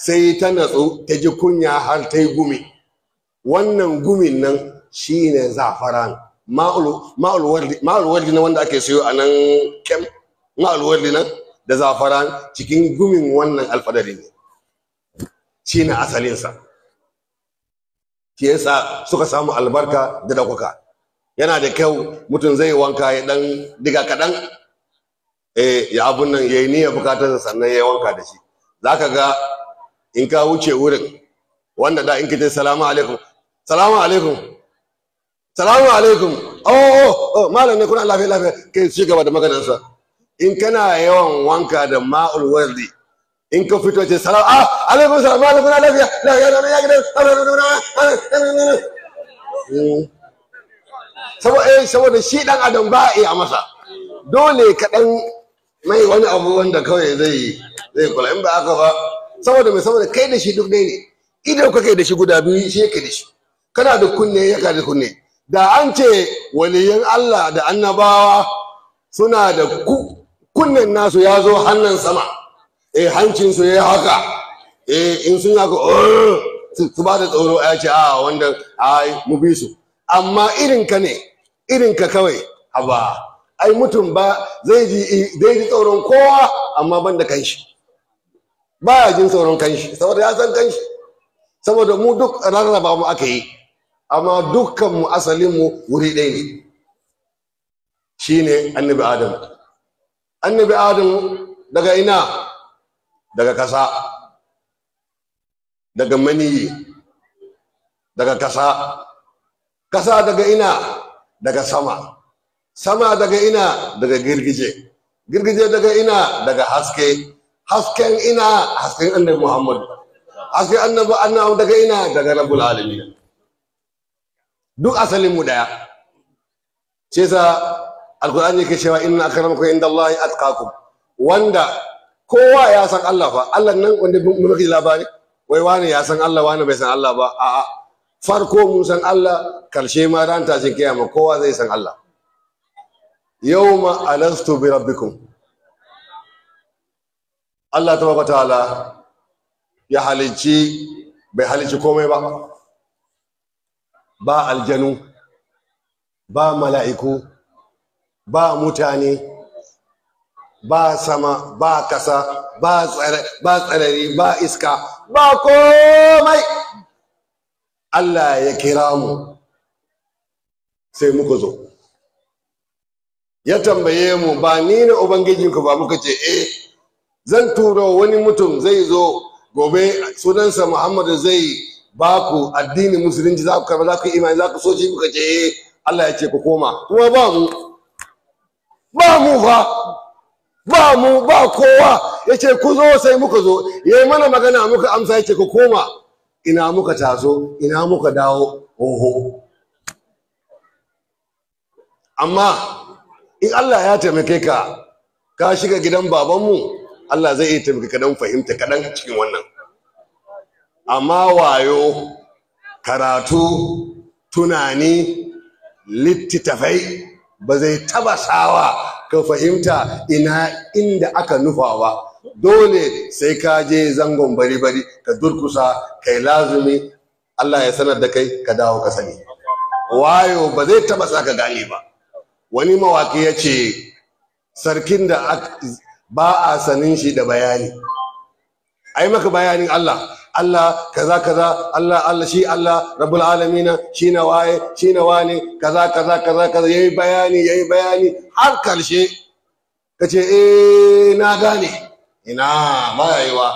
sai ta natsu ta ji kunya har ta yi gumi wannan gumin nan shine zafaran ma'ulwardi na wanda ake siyo a nan kem ma'ulwardi nan da zafaran cikin gumin wannan alfadari ne shi ne asalinsa shi yasa suka samu albarka da dakwaka yana da kyau mutum zai wanka ya dan diga kaɗan eh ya abun nan ya yi bukatarsa sannan ya wanka da shi za ka ga in ka wuce wurin wanda da in ka ce salamu alaikum salamu alaikum salamu alaikum oh oh oh, oh malam ne kuna lafiya lafiya kai shi gaba da sa in kana yawan wanka da ma'ul wardi in ka fito ce salam ah alaikum salam dai! alaikum lafiya lafiya lafiya lafiya eh. Sabo eh saboda shi dan adam ba a iya masa dole ka dan mai wani abu wanda kawai zai zai kula in ba aka ba saboda mai saboda kai da shi duk dai ne idan ka kai da shi guda biyu shi yake da shi kana da kunne ya da kunne da an ce waliyan Allah da annabawa suna da kunnen nasu ya zo hannun sama eh su ya haka eh in sun haka oh! su ba da tsoro ya ce a ah, wanda ai mu bi su amma irinka ne irinka kawai haba ai mutum ba zai ji eh, zai ji tsoron kowa amma ban da kanshi ba ya jin tsoron kanshi saboda ya san kanshi saboda mu duk rarraba mu aka yi amma dukkan mu asalin mu wuri ɗaya ne shine annabi adam annabi adam daga ina daga kasa daga maniyi daga kasa kasa daga ina daga sama sama daga ina daga girgije girgije daga ina daga haske hasken ina hasken annabi muhammad hasken annabi annabi daga ina daga rabbul alamin duk asalin mu daya ce sa alqur'ani yake cewa inna akramakum indallahi atqakum wanda kowa ya san Allah ba Allah nan wanda muke labari wai wani ya san Allah wani bai san Allah ba a'a farko mun san Allah karshe ma ran cikin kiyama kowa zai san Allah yawma alastu bi rabbikum Allah tabaraka ta'ala ya halicci bai halicci komai ba ba aljanu ba mala'iku ba mutane ba sama ba kasa ba tsanani ba iska ba komai Allah ya kira mu sai muka zo ya tambaye mu ba ni ne ubangijinku ba muka ce eh zan turo wani mutum zai zo gobe sunansa Muhammadu zai ba ku addini musulunci za ku karba za ku imani za ku so shi muka ce eh Allah ya ce ku koma kuma ba mu ba mu fa ba mu ba kowa ya ce ku zo sai muka zo ya yi mana magana muka amsa ya ce ku koma ina muka taso ina muka dawo hoho. amma in Allah ya taimake ka ka shiga gidan babanmu Allah zai iya taimake ka don fahimta kaɗan a cikin wannan amma wayo karatu tunani littattafai ba zai taba sawa ka fahimta ina inda aka nufawa, dole sai ka je zangon bari bari ka durkusa kai lazumi Allah ya sanar da kai ka dawo ka sani wayo ba zai taba saka gane ba wani mawaki ya ce sarkin da ba a sanin shi da bayani ai maka bayanin Allah Allah kaza kaza Allah Allah shi Allah rabbul alamin shi na waye shi na wane kaza kaza kaza kaza yayi bayani yayi bayani har karshe kace eh na gane ina mayayewa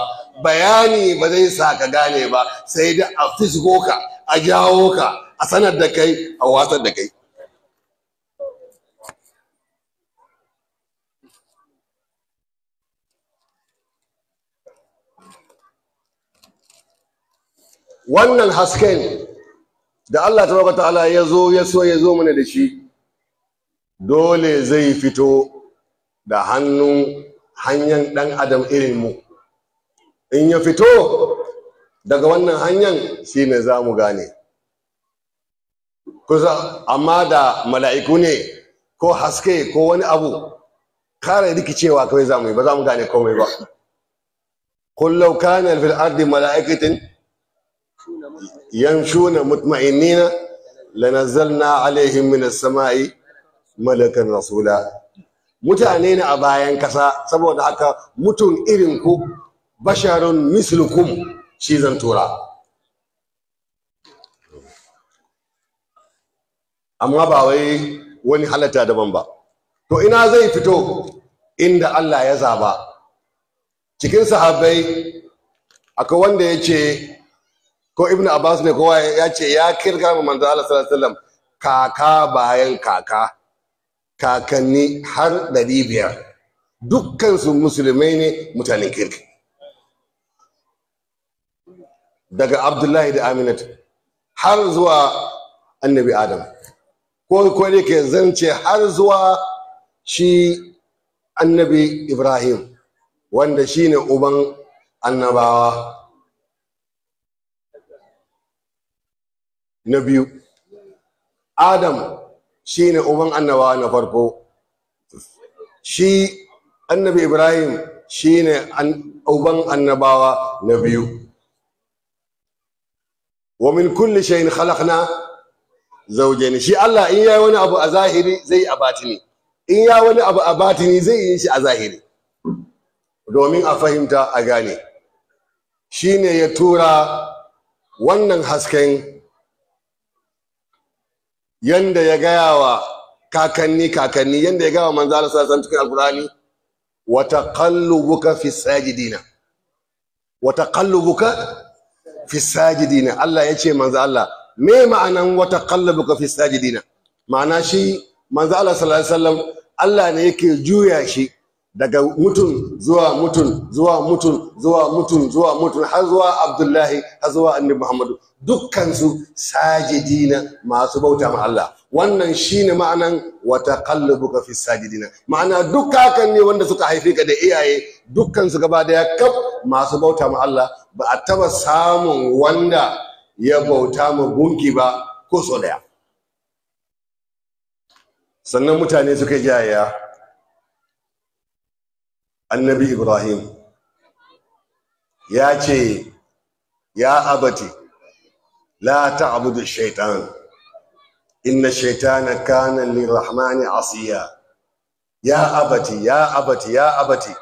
bayani ba zai sa ka gane ba sai da a fisgo ka a jawo ka a sanar da kai a watsar da kai wannan hasken da Allah tabaraka ta'ala ya zo ya so ya zo mana da shi dole zai fito da hannun hanyar ɗan adam irin mu in ya fito daga wannan hanyar shi ne za mu gane kusa amma da mala'iku ne ko haske ko wani abu kare rikicewa kawai za mu yi ba za mu gane komai ba kullum kana fil ardi mala'ikatin yamshuna mutma'innina lanazzalna alaihim minas sama'i malakan rasula mutane ne a bayan kasa saboda haka mutum irin ku basharun mislukum shi zan tura amma ba wai wani halatta daban ba to ina zai fito inda Allah ya zaba cikin sahabbai aka wanda ya ce ko ibnu abbas ne kowa ya ce ya kirga ma manzo Allah sallallahu alaihi wasallam kaka bayan kaka kakanni har ɗari biyar dukkansu musulmai ne mutanen kirki daga abdullahi da aminat har zuwa annabi adam ko ne ke zance har zuwa shi annabi ibrahim wanda shine uban annabawa na biyu adam shi ne uban annabawa na farko shi annabi ibrahim shi ne uban annabawa na biyu wa min kulli shay'in khalaqna zawjayn shi Allah in yayi wani abu a zahiri zai a batini in ya wani abu a batini zai yi shi a zahiri domin a fahimta a gane shine ya tura wannan hasken yanda ya gaya wa kakanni kakanni yanda ya gaya wa manzo Allah sallallahu cikin alqur'ani wa taqallubuka fi sajidina wa taqallubuka fi sajidina Allah yace manzo Allah me ma'anan wa taqallubuka fi sajidina ma'ana shi manzo Allah sallallahu alaihi wasallam Allah ne yake juya shi daga mutum zuwa mutum zuwa mutum zuwa mutum zuwa mutum har zuwa abdullahi har zuwa annabi muhammadu dukkansu sajidina masu bauta ma Allah wannan shine ma'anan wata wa taqallubuka fi sajidina ma'ana dukkan ne wanda suka haife ka da iyaye dukkansu gaba daya kaf masu bauta ma Allah ba a taba samun wanda ya bauta ma gunki ba ko so daya sannan mutane suka jaya annabi ibrahim ya ce ya abati la ta'budu shaitan inna shaitana kana lirrahmani asiya ya abati ya abati ya abati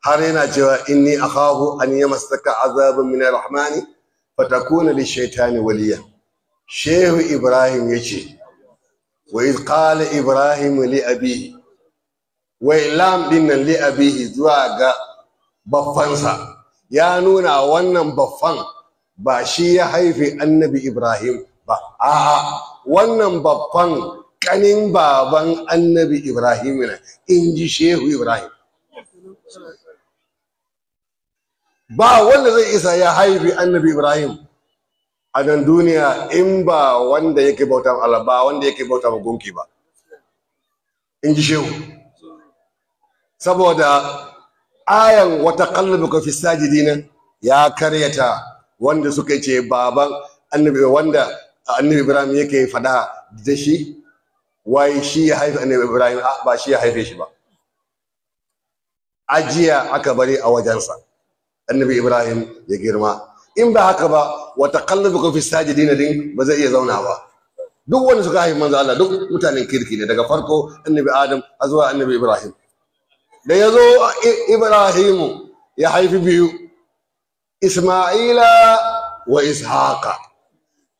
har yana cewa inni akhafu an yamassaka azabun min arrahmani fatakuna lishaitani waliya shehu ibrahim yace wa iz qala ibrahim li abihi wai lam din nan li abihi zuwa ga baffansa ya nuna wannan baffan ba shi ya haife annabi ibrahim ba a'a wannan baffan kanin baban annabi ibrahim ne in ji shehu ibrahim ba wanda zai isa ya haifi annabi ibrahim a nan duniya in ba wanda yake bautan allah ba wanda yake bautan gunki ba in ji shehu saboda ayan wata ka fi sajidina ya karyata wanda suka ce baban annabi wanda annabi Ibrahim yake fada da shi wai shi ya haifi annabi Ibrahim ba shi ya haife shi ba ajiya aka bari a wajensa annabi Ibrahim ya girma in ba haka ba wa ka fi sajidina din ba zai iya zauna ba duk wanda suka haifi manzo Allah duk mutanen kirki ne daga farko annabi Adam a zuwa annabi Ibrahim da ya zo ibrahimu ya haifi biyu isma'ila wa ishaqa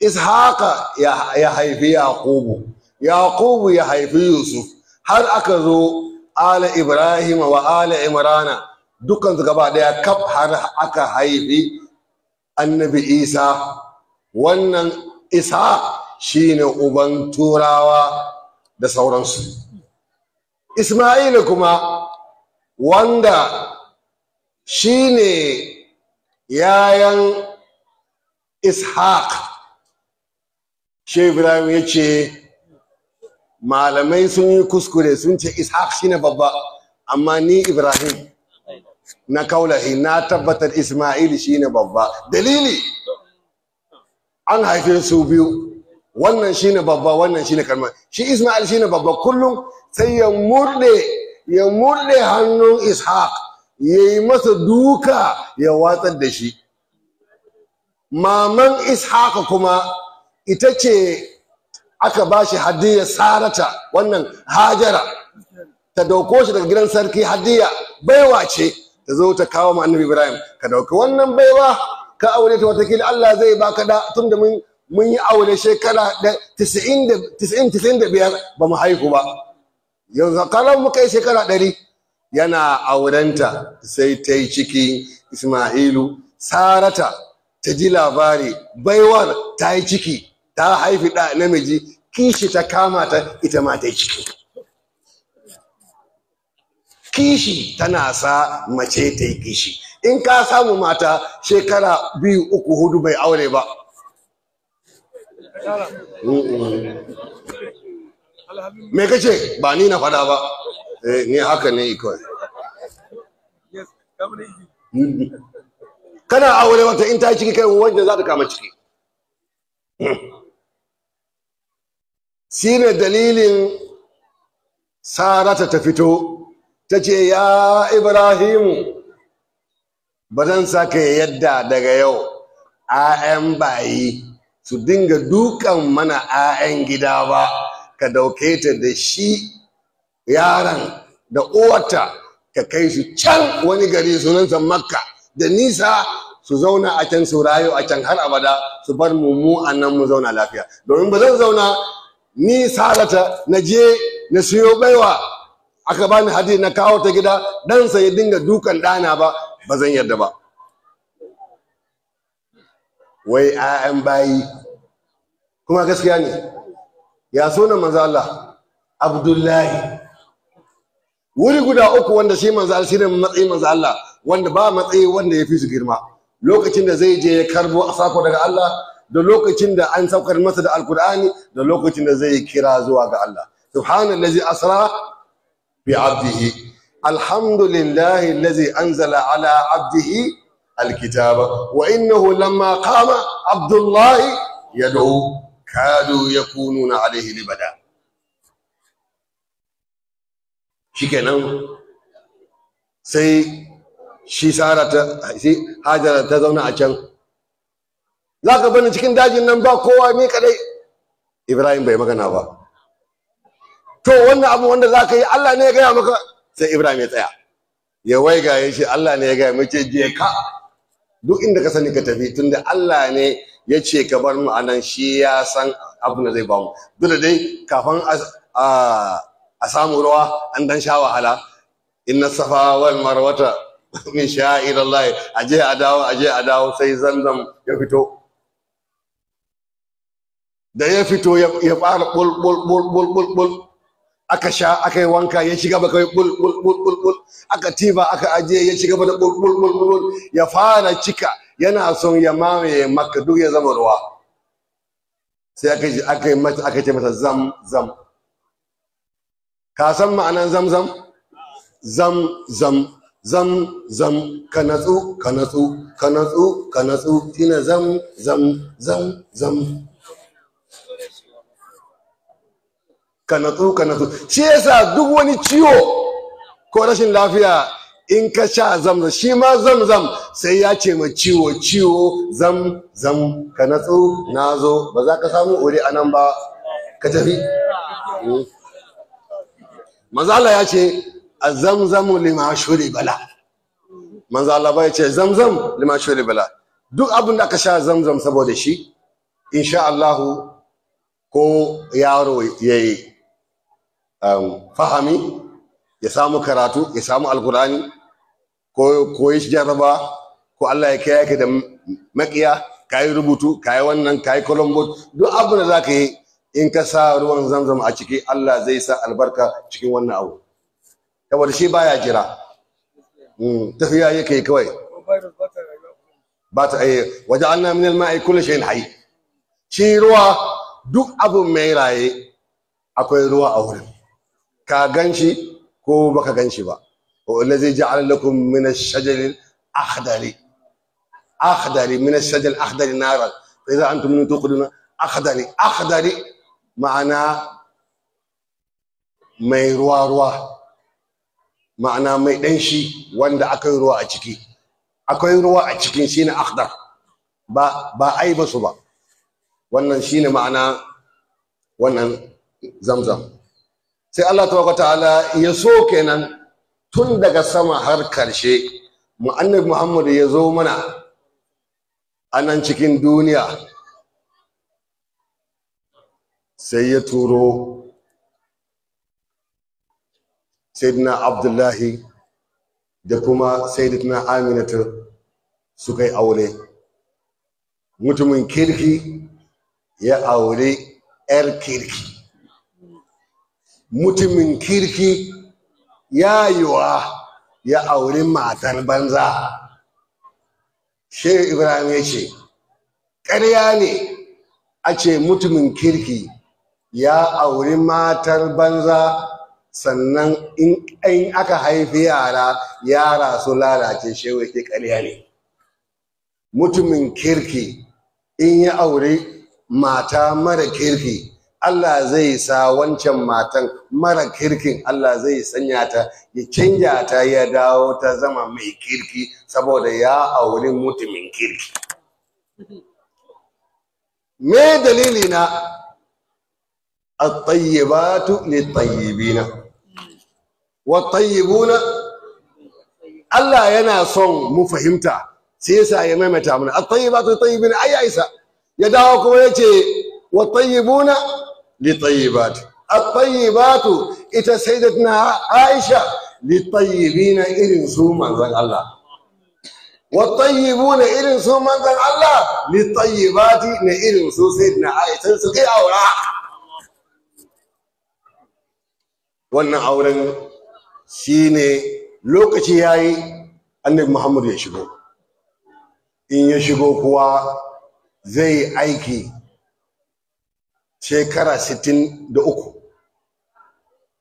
ishaka ya haifi Yakubu. Yakubu ya haifi yusuf har aka zo ala Ibrahim wa ala imrana dukkan su gaba daya kaf har aka haifi annabi isa wannan isa shine uban turawa da sauransu isma'ila kuma wanda shi ne yayan ishaq shi ibrahim ya ce malamai sun yi kuskure sun ce ishaq shi ne babba amma ni ibrahim na kaulahi na tabbatar isma'il ne babba dalili an haife su biyu wannan shi ne babba wannan shi ne karma shi isma'il ne babba kullum sai ya murde ya murɗe hannun ishaq ya yi masa duka ya watsar da shi maman ishaq kuma ita ce aka ba shi hadiyar sarata wannan hajara ta dauko shi daga gidan sarki hadiya baiwa ce ta zo ta kawo ma annabi ibrahim ka dauki wannan baiwa ka aure ta watakila allah zai baka da tunda mun mun yi aure shekara da 90 95 ba mu haihu ba yanzu kalan muka yi shekara ɗari yana aurenta sai ta yi ciki ismailu sarata ta ji labari baiwar ta yi ciki ta haifi ɗa namiji kishi ta kama ta ita ma ta yi ciki kishi tana sa mace ta yi kishi in ka samu mata shekara biyu uku hudu bai aure ba me kace ba ni na fada ba eh ni haka ne iko kana aure wata in ta yi ciki kai wanda za ta kama ciki Sine dalilin sarata ta fito ta ce ya ibrahimu ba zan saka yadda daga yau 'ya'yan bayi su dinga dukan mana 'ya'yan gida ba ka dauke ta da shi yaran da uwarta ka kai su can wani gari sunansa makka da nisa su zauna a can su rayu a can har abada su bar mu mu a nan mu zauna lafiya domin ba zan zauna ni salata na je na siyo baiwa aka bani hadi na kawo ta gida ɗansa ya dinga dukan ɗana ba ba zan yarda ba wai 'ya'yan bayi kuma gaskiya ne ya suna manzo Allah Abdullahi wuri guda uku wanda shi manzo Allah shine matsayin manzo Allah wanda ba matsayi wanda ya fi su girma lokacin da zai je ya karbo asako daga Allah da lokacin da an saukar masa da alkur'ani da lokacin da zai kira zuwa ga Allah subhanallazi asra bi abdihi alhamdulillahi allazi anzala ala abdihi alkitaba wa innahu lamma qama abdullahi yad'u kadu ya yakununa alaihi libada shikenan sai shi tsara ta sai hajara ta zauna a can za ka bani cikin dajin nan ba kowa mai kadai ibrahim bai magana ba to wannan abu wanda za ka yi allah ne ya gaya maka sai ibrahim ya tsaya ya waiga ya shi allah ne ya gaya mace je ka duk inda ka sani ka tafi tunda allah ne ya ce ka bar mu anan shi ya san abin da zai ba mu duk dai kafin a samu ruwa an dan sha wahala inna safa wal marwata min sha'irallahi aje a dawo aje a dawo sai zanzam ya fito da ya fito ya fara bul bul bul bul bul bul aka sha aka yi wanka ya shiga baka bul bul bul bul aka tiba aka aje ya shiga bada bul bul bul bul ya fara cika yana son ya mamaye maka duk ya zama ruwa sai aka yi mata aka ce mata zam zam ka san ma'anan zam zam zam zam zam zam ka natsu ka natsu ka natsu ka natsu tina zam zam zam zam ka natsu ka natsu shi yasa duk wani ciwo ko rashin lafiya in ka sha zamzam shi ma zamzam sai ya ce ma ciwo ciwo zam zam ka natsu na zo ba za ka samu wuri a nan ba ka tafi hmm. manzala ya ce a zamzam lima shuri bala manzala ba ya ce zamzam lima shuri bala duk abin da aka sha zamzam saboda shi insha Allahu ko yaro ya yi um, fahami ya samu karatu ya samu alkurani ko ko yi jaraba ko Allah ya kai ka da makiya kai rubutu kai wannan kai kolombo duk abu da zaka yi in ka sa ruwan zamzam a ciki Allah zai sa albarka cikin wannan abu saboda shi baya jira mm, tafiya yake yi kawai ba ta ayi waje an ma'i kullu shayin hayy shi ruwa duk abu mai raye akwai ruwa a wurin ka gan ko baka gan shi ba والذي جعل لكم من الشجر الاخضر اخضر من الشجر الاخضر نارا فاذا انتم من تقولون اخضر اخضر معنى مي روى روى معنى مي دنشي وند اكاي روى اتشكي اكاي روى اتشكي شين اخضر با با اي بصبا wannan shine ma'ana wannan zamzam sai Allah tabaraka taala ya so kenan tun daga sama har karshe mu Muhammad ya zo mana a nan cikin duniya sai ya turo saidina Abdullahi da kuma sayyidina aminata suka yi aure mutumin kirki ya aure 'yar kirki mutumin kirki ya yiwa ya auri matar banza shi ibrahim ya ce ƙarya ne a ce mutumin kirki ya auri matar banza sannan in aka haifi yara yara su lalace shewa ke ƙarya ne mutumin kirki in ya auri mata mara kirki Allah zai sa wancan matan mara kirkin Allah zai sanya ta ya canja ta ya dawo ta zama mai kirki saboda ya auri mutumin kirki me dalili na at-tayyibatu lit-tayyibina wat-tayyibuna Allah yana son mu fahimta sai yasa ya maimaita mana at-tayyibatu lit-tayyibina ayya isa ya dawo kuma yace wat-tayyibuna لطيبات الطيبات إتا سيدتنا عائشة للطيبين إرن سو منزل الله والطيبون إرن سو منزل الله للطيبات إرن سو سيدنا عائشة سقي أورا wannan auren shine lokaci yayi أنك محمد ya إن in ya زي أيكي shekara sittin da uku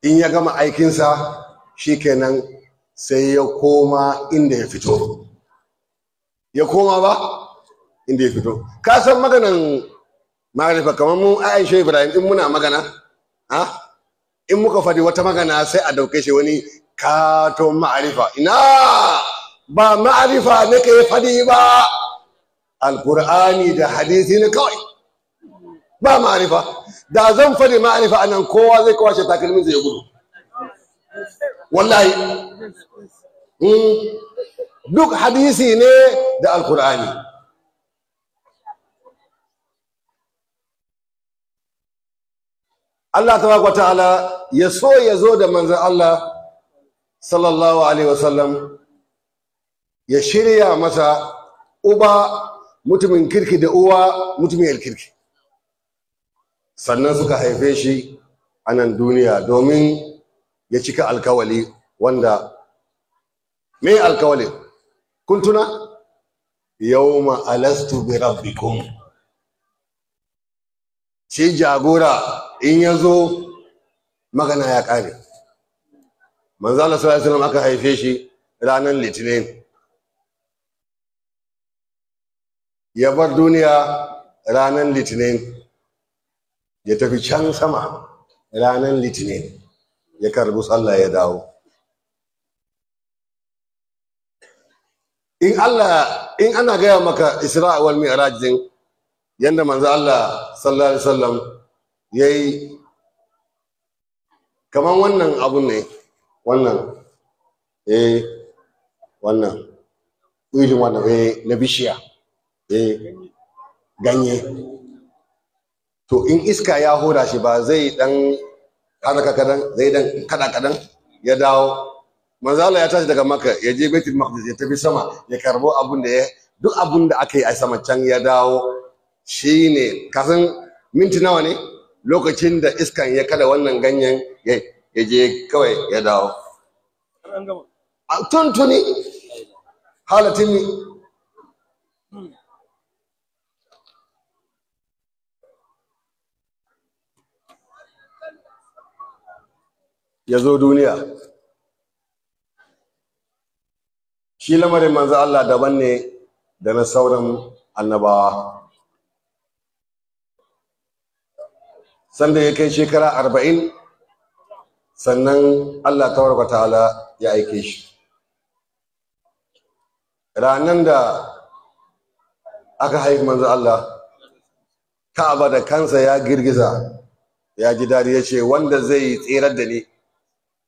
in ya gama aikinsa shikenan sai ya koma inda ya fito ya koma ba inda ya fito ka san maganan ma'arifa kamar mu aisha ibrahim in muna magana ha in muka faɗi wata magana sai a dauke shi wani kato ma'arifa ina ba ma'arifa nake faɗi ba alkur'ani da hadisi ne kawai ba ma'arifa da zan faɗi ma'arifa a nan kowa zai kawace takalmin zai gudu wallahi hmm. duk hadisi ne da alkur'ani Allah ta baka ta'ala ya so ya zo da manzan Allah sallallahu alaihi wasallam ya shirya masa uba mutumin kirki da uwa mutumin kirki sannan suka haife shi a nan duniya domin ya cika alkawali wanda me alkawali kun tuna yawma alastu bi rabbikum Ci jagora in ya zo magana ya kare Manzala Allah aka haife shi ranar litinin ya bar duniya ranar litinin ya tafi can sama ranar litinin ya karbi sallah ya dawo in Allah in ana gaya maka Isra Walmi Mi'raj din yanda manzo Allah sallallahu alaihi wasallam yi. Kamar wannan abun ne wannan eh wannan irin wannan eh na bishiya eh ganye to in iska ya hura shi ba zai dan haraka kadan zai dan kada kadan ya dawo manzo Allah ya tashi daga Makka ya je Baitul Maqdis ya tafi sama ya karbo abun da ya duk abun da aka yi a sama can ya dawo shine kasan minti nawa ne lokacin da iskan ya kada wannan ganyen ya je kawai ya dawo tuntuni halatin ya zo duniya shi lamarin manzo Allah daban ne da na sauran annabawa sanda ya kai shekara arba'in sannan Allah tabaraka ta'ala ya aike shi ranan da aka haifi manzo Allah Ka'aba da kansa ya girgiza ya ji dadi ya ce wanda zai tsirar da ni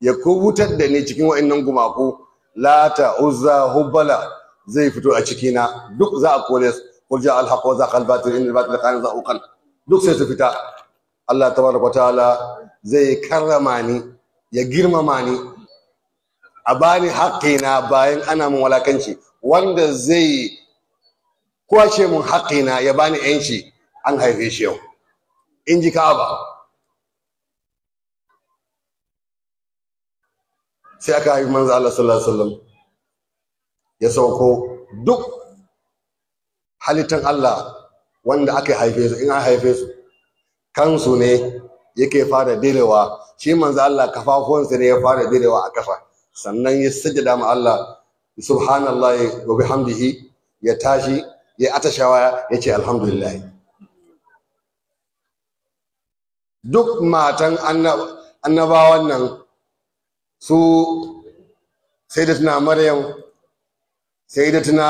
ya kubutar da ni cikin wa'annan gumaku lata uzza hubbala zai fito a cikina duk za a kore qul ja al za wa zaqa al batil inna al duk sai su fita Allah tabaraka ta'ala zai karrama ni ya girmama ni a bani haƙƙina bayan ana min walakanci wanda zai kwace mun haƙƙina ya bani yanci an haife shi yau in ji ba sai aka haifi manzo Allah sallallahu alaihi wasallam ya sauko duk halittan Allah wanda aka haife su in an haife su kansu ne yake fara direwa shi manzo Allah kafafuwansa ne ya fara direwa a kafa sannan ya sajada ma Allah subhanallahi wa bihamdihi ya tashi ya atashawa ya ce alhamdulillah duk matan annabawan nan su sai da tuna maryam sai da tuna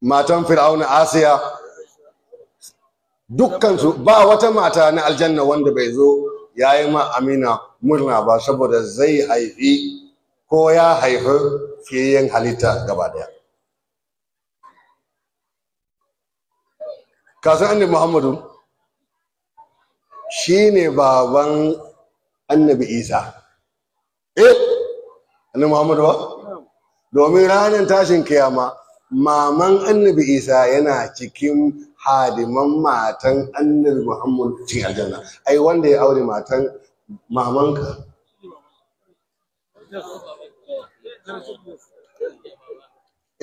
matan fir'auna asiya dukkansu ba wata mata na aljanna wanda bai zo ya yi ma amina murna ba saboda zai haifi ko ya haifi fiye halitta gaba daya kasan annabi muhammadu Shi ne baban annabi isa eh annabi muhammadu ba domin ranar tashin kiyama maman annabi isa yana cikin hadiman matan annabi muhammadu cikin aljanna ai wanda ya aure matan mamanka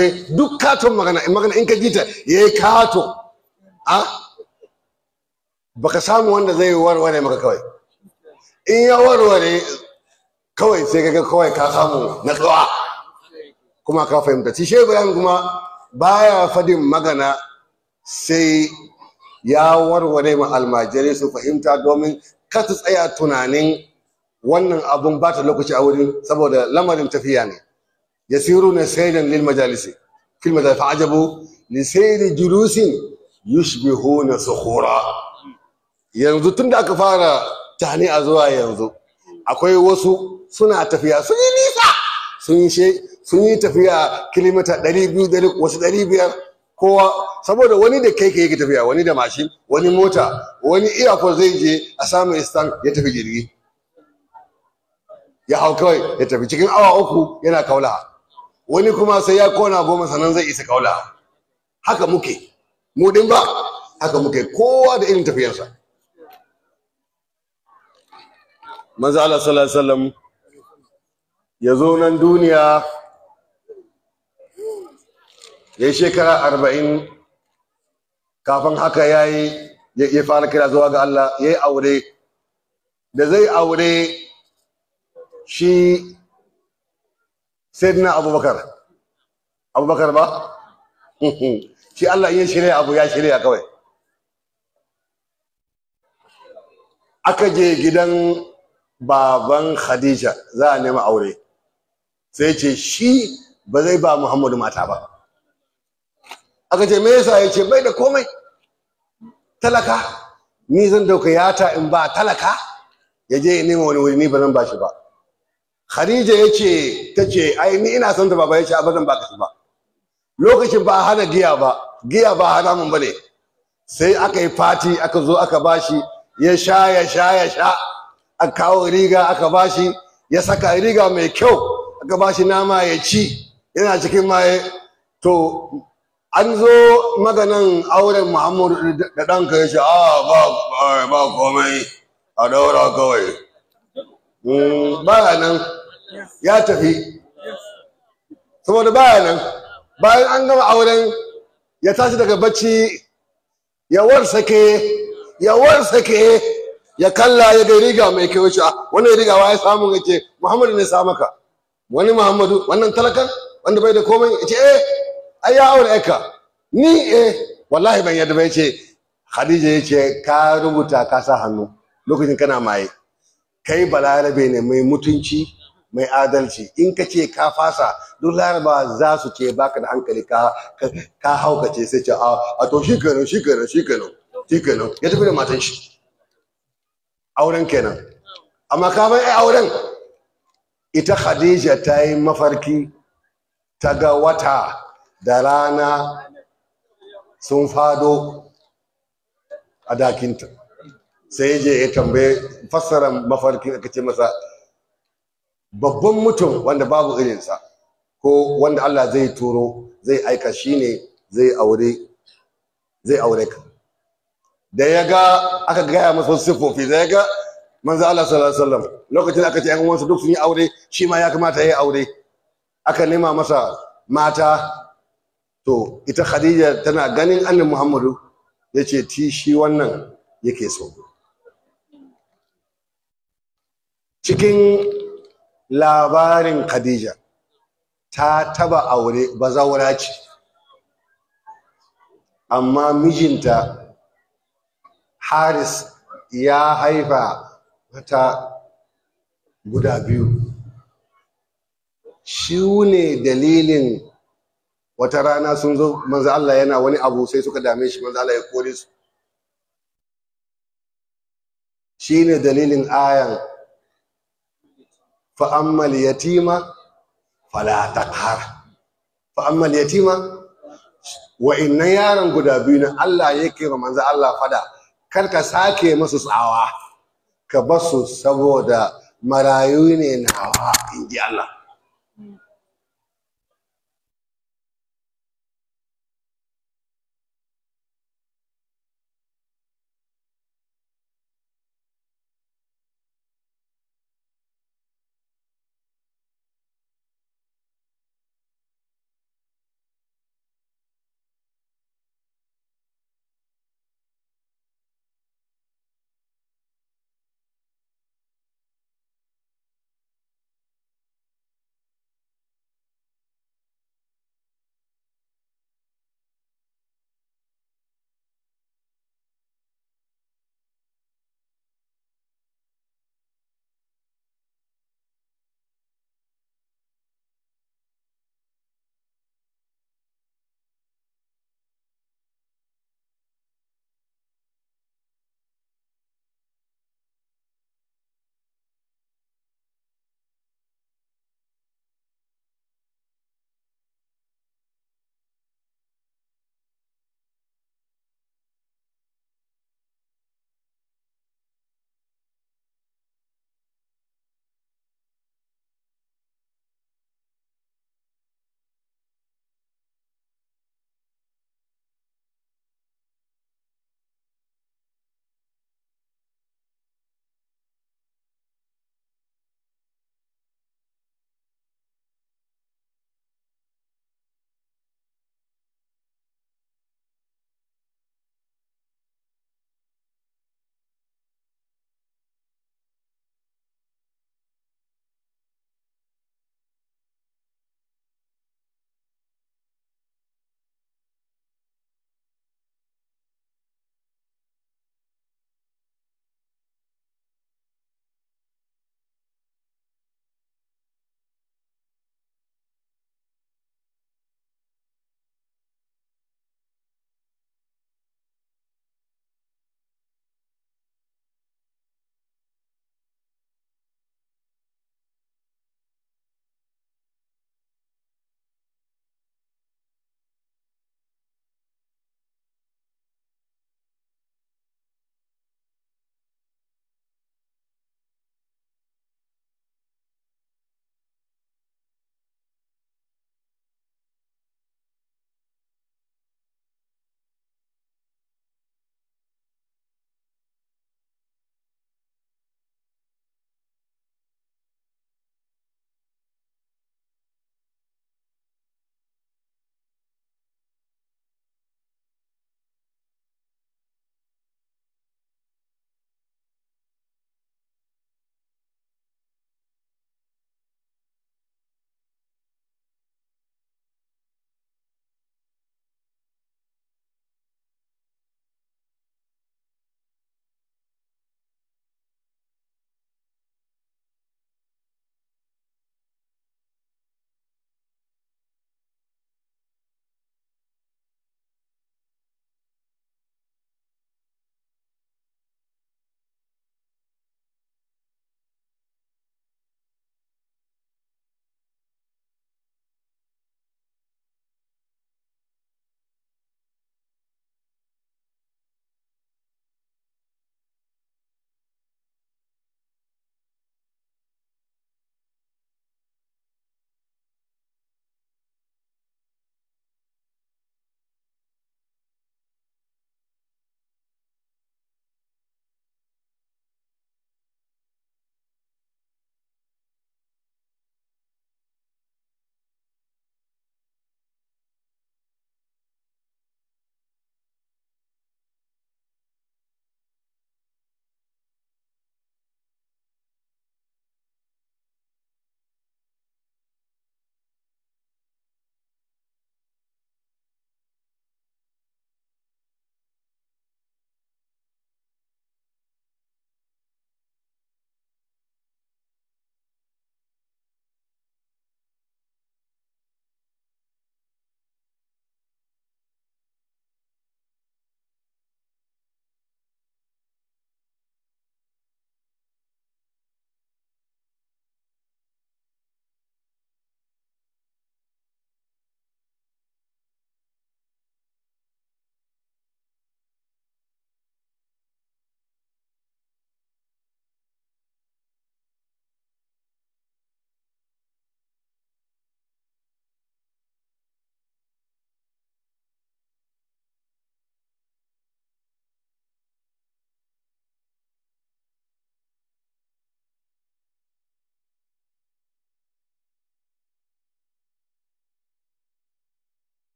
eh duk katon magana magana in ka jita yayi kato a ah? baka samu wanda zai warware maka kawai in ya warware kawai sai kaga kawai ka samu na tsawa kuma ka fahimta shi shehu bayan kuma baya fadin magana sai ya warware ma almajirai su fahimta domin ka ta tsaya tunanin wannan abun ba ta lokaci a wurin saboda lamarin tafiya ne Ya siru na sayyidan lil majalisi kilmata fa'ajabu ajabu li sayyidi julusin yushbihuna sukhura yanzu tun da aka fara tani a zuwa yanzu akwai wasu suna tafiya sun yi nisa sun she sun yi tafiya kilomita ɗari biyu ɗari wasu ɗari biyar kowa saboda wani da kai ka yake tafiya wani da mashin wani mota wani iyakon zai je a samun istan ya tafi jirgi ya hau kawai ya tafi cikin awa uku yana kaula wani kuma sai ya kona goma sannan zai isa kaula haka muke mu din ba haka muke kowa da irin tafiyarsa manzo Allah sallallahu alaihi wasallam ya zo nan duniya ya yi shekara arba'in kafin haka ya yi ya fara kira zuwa ga Allah ya yi aure da zai aure shi sayyidina abubakar abubakar ba shi Allah ya shirya abu ya shirya kawai aka je gidan baban Khadija za a nemi aure sai ce shi ba zai ba Muhammadu mata ba aka ce me yasa yace bai da komai talaka ni zan dauka yata in ba talaka yaje je ya nema wani wuri ni ba zan ba shi ba Khadija yace tace ai ni ina son ta baba yace ba zan baka shi ba lokacin ba hana giya ba giya ba hana haramun bane sai aka yi fati aka zo aka bashi ya sha ya sha ya sha a kawo riga aka bashi ya saka riga mai kyau aka bashi nama ya ci yana cikin maye to an zo maganan auren muhammadu da ɗan ka ce ah, a ba komai a daura kawai mm, ba nan ya tafi saboda baya nan bayan an gama auren ya tashi daga bacci ya warsake ya warsake ya kalla ya ga riga mai kai wuce ah, wannan riga wa ya samu yace Muhammadu ne sa ka wani Muhammadu wannan talakan wanda bai da komai yace eh ai ya aure ka ni eh wallahi ban yadda ba ce Khadija yace ka rubuta ka sa hannu lokacin kana maye kai balarabe ne mai mutunci mai adalci in ka ce ka fasa duk laraba za su ce baka da hankali ka ka haukace sai ce ah, a to shi kenan shi kenan shi kenan shi kenan ya tafi da matan shi auren kenan amma ban ai auren ita khadija ta yi mafarki ta ga wata da rana sun fado a dakinta sai je ya tambaye fassara mafarki aka ce masa babban mutum wanda babu irinsa ko wanda Allah zai turo zai aika shine zai aure zai aure ka da ya ga aka gaya masa siffofi da ya ga manzo Allah sallallahu alaihi wasallam lokacin aka ce ƴan uwansa duk sun yi aure shi ma ya kamata ya yi aure aka nema masa mata to ita Khadija tana ganin annin Muhammadu yace ti shi wannan yake so cikin labarin Khadija ta taba aure bazawara ce amma mijinta haris ya haifa mata guda biyu shi ne dalilin wata rana sun zo manzo Allah yana wani abu sai suka dame shi manzo Allah ya kore su shi ne dalilin ayan fa'ammal yatima fala taqhar fa'ammal yatima wa'in nan yaran guda biyu na Allah yake wa manzo Allah fada kar ka sake masu tsawa ka basu saboda marayu ne nawa in ji Allah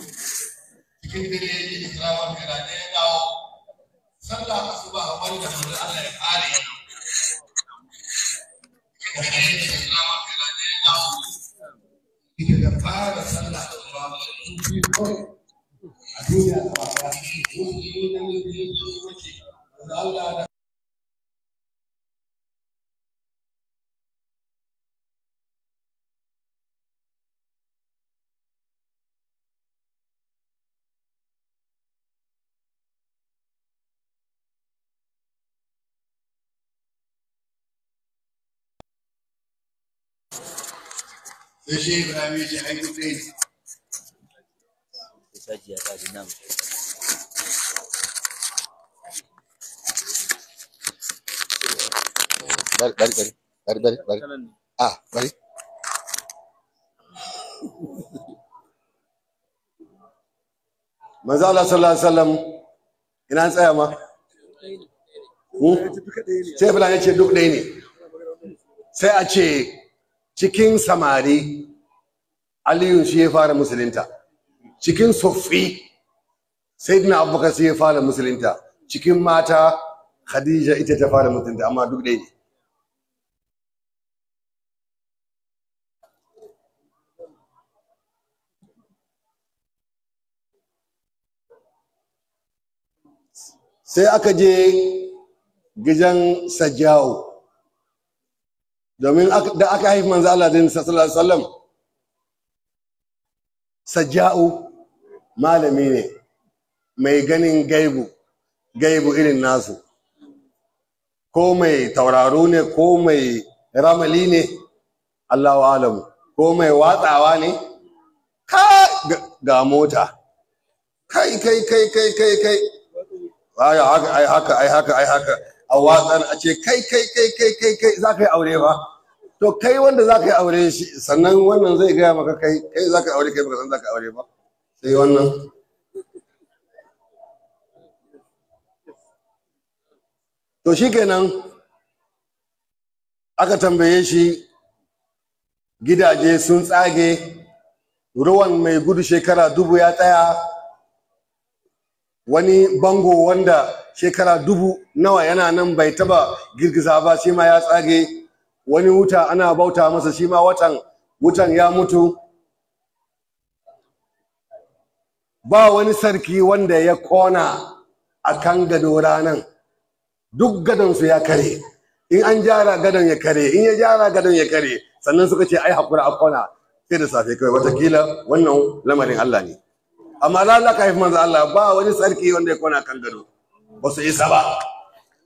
cikin dare ya yi ikirawa kira da dawo sallah asuba wanda manzo Allah ya kare ya yi dawo fara a duniya da ba ta shi wani Allah da sai bari bari bari bari bari ah bari Allah sallallahu alaihi wasallam ina tsaya ma hmm? sai ya ce duk ɗaya ne sai a ce cikin samari aliyun shi ya fara musulunta cikin sufi sayyidina abubakar shi ya fara musulunta cikin mata khadija ita ta fara musulunta amma duk dai sai aka je gidan sajjawo domin da aka haifi manzo Allah din sallallahu alaihi wasallam sajja'u malami ne mai ganin gaibu gaibu irin nasu ko mai tauraro ne ko mai ramali ne Allahu alamu ko mai watsawa ne ka ga mota kai kai kai kai kai kai ai haka ai haka ai haka haka a watsan a ce kai kai kai kai kai kai yi aure ba to kai wanda za ka yi aure shi sannan wannan zai gaya maka kai kai za ka aure kai baka san za ka aure ba sai wannan to shi kenan aka tambaye shi gidaje sun tsage ruwan mai gudu shekara dubu ya tsaya wani bango wanda shekara dubu nawa yana nan bai taba girgiza ba shi ma ya tsage wani wuta ana bauta masa shi ma watan wutan ya mutu ba wani sarki wanda ya kona a kan gado ranan duk gadonsu ya kare in an jara gadon ya kare in ya jara gadon ya kare sannan suka ce ai hakura a kona sai da safe kawai watakila wannan lamarin Allah ne amma lalaka haifi manzo Allah ba wani sarki wanda ya kona kan gado ba su isa ba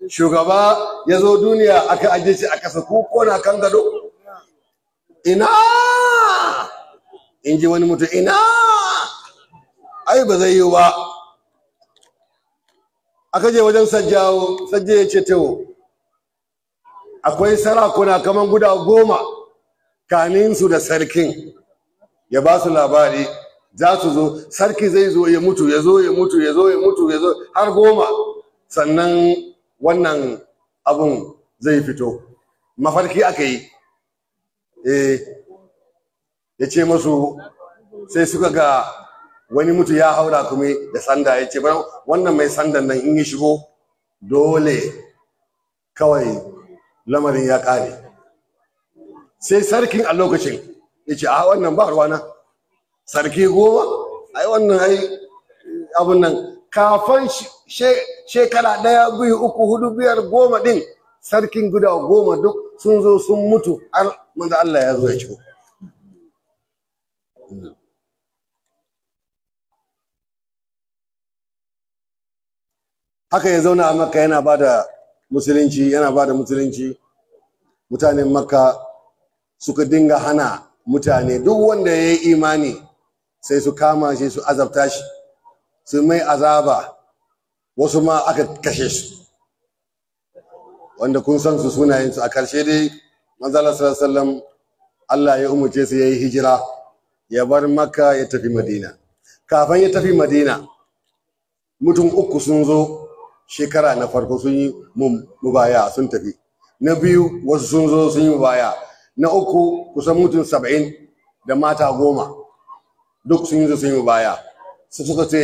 shugaba ya zo duniya aka aje shi a kasa ko kona kan gado ina in ji wani mutum ina ai ba zai yi ba aka je wajen sajjawo sajje ya ce tewo akwai sarakuna kaman guda goma kaninsu da sarkin ya ba su labari za su zo sarki zai zo ya mutu ya zo ya mutu ya zo ya mutu ya zo har goma sannan wannan abun zai fito mafarki aka yi eh ya ce masu sai suka ga wani mutu ya haura kuma da sanda ya ce wannan mai sandan nan in yi shigo dole kawai lamarin ya kare sai sarkin a lokacin ya ce a wannan ba ruwana sarki goma ai wannan ai abun nan kafin shekara ɗaya biyu uku hudu biyar goma ɗin sarkin guda goma duk sun zo sun mutu har manzo Allah ya zo ya ci haka ya zauna a makka yana bada da musulunci yana ba da musulunci mutanen makka suka dinga hana mutane duk wanda ya yi imani sai su kama shi su azabta shi su mai azaba wasu ma aka kashe su wanda kun san su sunayensu a karshe dai manzala sallallahu Allah ya umarce su ya yi hijira ya bar makka ya tafi madina kafin ya tafi madina mutum uku sun zo shekara na farko sun yi mubaya sun tafi na biyu wasu sun zo sun yi mubaya na uku kusan mutum saba'in da mata goma duk sun yi zo sun yi mubaya su suka ce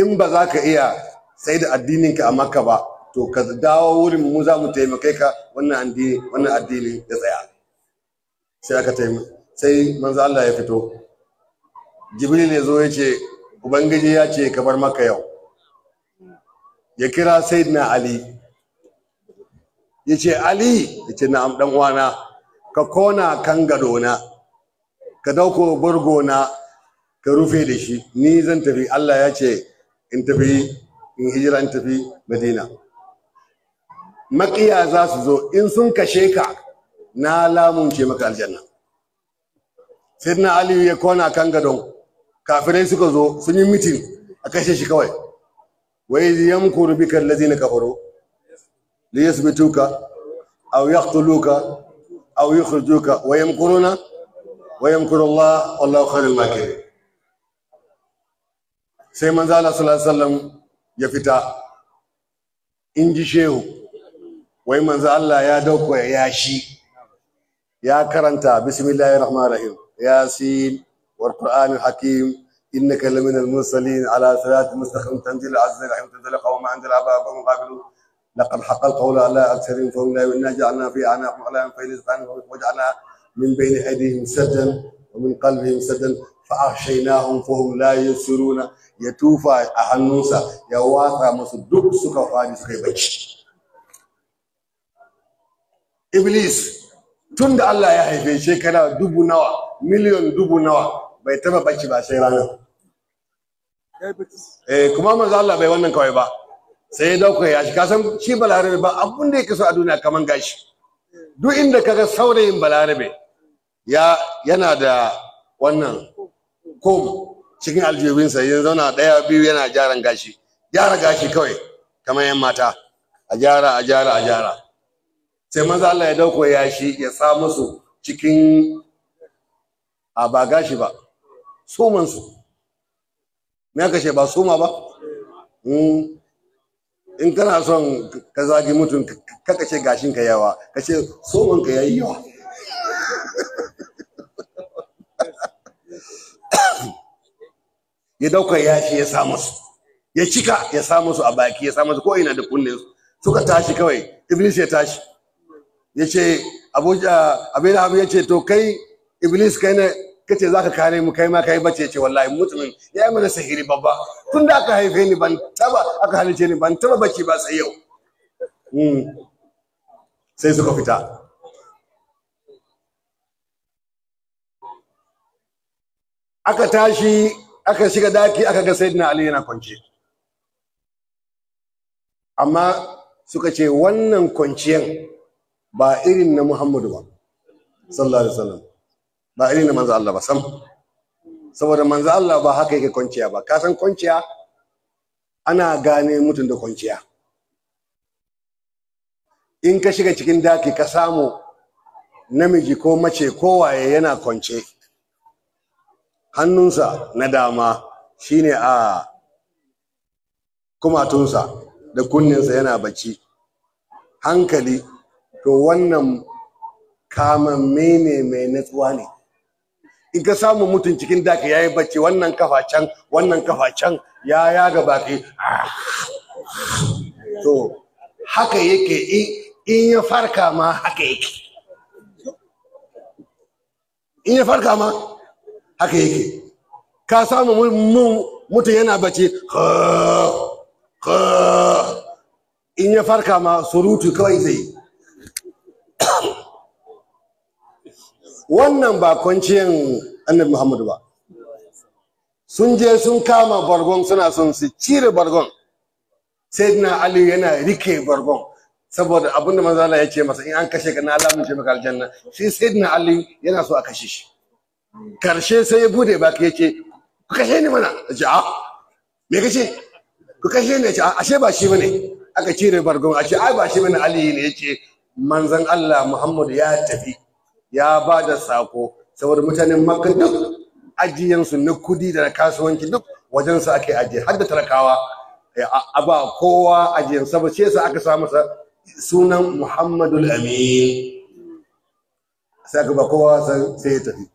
in ba za ka iya sai da addininka a maka ba to ka dawo wurin mu za mu taimake ka wannan addini ya tsaya sai aka taimaka sai manzo Allah ya fito jibril ya zo ya ce ubangiji ya ce ka bar maka yau ya kira sayyidina ali ya ce ali ya ce na'am dan uwana ka kona kan gado na. ka dauko na, ka rufe da shi ni zan tafi Allah ya ce in tafi in hijira in tafi madina maƙiya za su zo in sun kashe ka na lamun ce maka aljanna na aliyu ya kona kan gadon kafirai suka zo sun yi mitin a kashe shi kawai wai yamkuru bika allazina kafaru li yasbituka aw yaqtuluka aw yukhrijuka wa yamkuruna wa yamkuru Allah wallahu khairul makirin sai manzo Allah sallallahu alaihi wasallam ya fita in ji shehu wai manzo Allah ya dauko ya shi ya karanta bismillahir rahmanir rahim yasin wal qur'anil hakim إنك لمن المرسلين على صراط مستقيم تنزيل العزيز الرحيم تنزل قوم عند العباد وهم غافلون لقد حق القول على أكثرهم فهم لا إنا جعلنا في أعناقهم أغلالا فإن وجعلنا من بين أيديهم سدا ومن قلبهم سدا فأغشيناهم فهم لا يسرون ya tufa a hannunsa ya watsa musu duk suka fadi suka yi bacci iblis tun da Allah ya haife shekara dubu nawa miliyon dubu nawa bai taba bacci ba sai ranar eh kuma manzo Allah bai wannan kawai ba sai ya dauka ya shi kasan shi balarabe ba abun da yake so a duniya kaman gashi duk inda kaga saurayin balarabe ya yana da wannan kom cikin aljubinsa ya zauna ɗaya biyu yana gyaran gashi gyara gashi kawai kamar yan mata a gyara a gyara a gyara sai maza Allah ya dauko yashi ya sa musu cikin a ba gashi ba somansu. me aka ba suma ba hmm. in kana son ka zagi mutum kaka ce gashin ka yawa ka ce suman ka yayi yawa ya dauka yashi ya samu su ya cika ya samu su a baki ya samu su ko ina da kunne suka tashi kawai iblis ya tashi ya ce abin abu ya ce to kai iblis kai ne kace za ka kare mu kai ma kai bace ya ce wallahi mutumin ya yi mana sahiri babba tun da aka haife ni ban taba aka halice ni ban taba bacci ba sai yau hmm. sai suka fita aka tashi aka shiga daki aka ga sayyidina ali yana kwance amma suka ce wannan kwanciyan ba irin na muhammadu ba sallallahu alaihi wasallam ba irin na manzo Allah ba sam saboda manzo Allah ba haka yake kwanciya ba ka san kwanciya ana gane mutum da kwanciya in ka shiga cikin daki ka samu namiji ko mace kowaye yana kwance hannunsa na dama shine a kumatunsa da kunninsa yana bacci hankali to wannan kamar ne mai natsuwa ne in ka samu mutum cikin daka ya yi bacci wannan kafa can wannan kafa can ya ya gaba ke to haka yake in ya farka ma haka yake in ya farka ma haka yake ka samu mun mutum yana bace in ya farka ma surutu kawai zai wannan ba kwanciyan annabi muhammadu ba sun je sun kama bargon suna son su cire bargon sai na ali yana rike bargon saboda abinda manzala ya ce masa in an kashe ka na alamun ce maka aljanna sai na ali yana so a kashe shi karshe sai ya bude ba ka yake ku kashe ni mana ji a ah, me kace ku kashe ni a ah, ashe ba shi bane aka cire bargon a ai ba shi bane Ali ne yake manzon Allah Muhammad ya tafi ya ba da sako saboda mutanen Makka duk ajiyansu na kudi da na kasuwanci duk wajen su ake ajiye har da talakawa a ba kowa ajiyan sa ba sai sa aka samu sa sunan Muhammadul Amin sai aka ba kowa sai ya tafi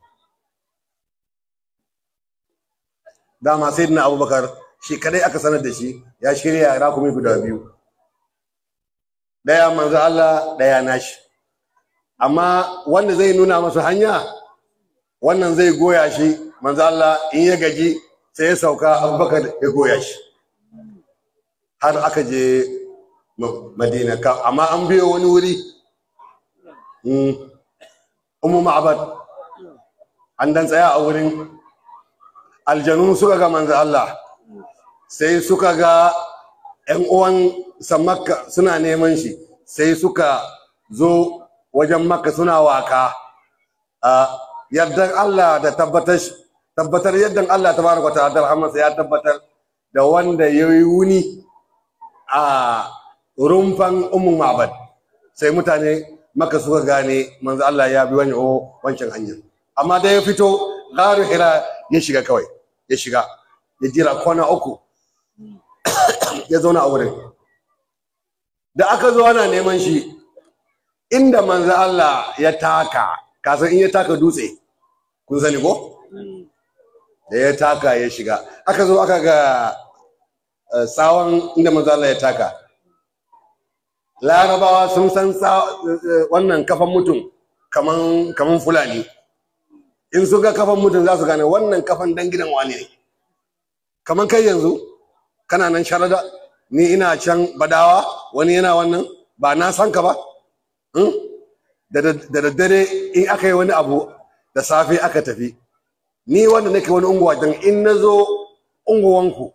dama sai na abubakar shi kadai aka sanar da shi ya shirya ya kuma guda biyu daya manzo Allah daya nashi amma wanda zai nuna masa hanya wannan zai goya shi manzo Allah in ya gaji sai ya sauka abubakar ya goya shi har aka je madina amma an biyo wani wuri hmm. umu ma'abad an dan tsaya a wurin aljanu suka ga manzo Allah sai suka ga ‘yan uwan makka suna neman shi sai suka zo wajen makka suna waka a yadda Allah da tabbatar tabbatar yadda Allah ta baraka ta da ya tabbatar da wanda yayi yi wuni a rumfan ummu ma'bad sai mutane maka suka gane manzo Allah ya bi wani oh, wancan hanyar amma da ya fito garu hira ya shiga kawai ya shiga ya jira kwana uku ya zauna a wurin da aka zo ana neman shi inda manzo Allah ya taka kasan in ya taka dutse kun sani ko da ya taka ya shiga aka zo aka ga eh, tsawon inda manzo Allah ya taka larabawa sun san eh, wannan kafan mutum kaman kaman fulani in sun ga kafan mutum za su gane wannan kafan dan gidan wani ne kamar kai yanzu kana nan sharada ni ina can badawa wani yana wannan ba na san ka ba hmm? da daddare in aka yi wani abu da safe aka tafi ni wanda nake wani unguwa don in na zo unguwanku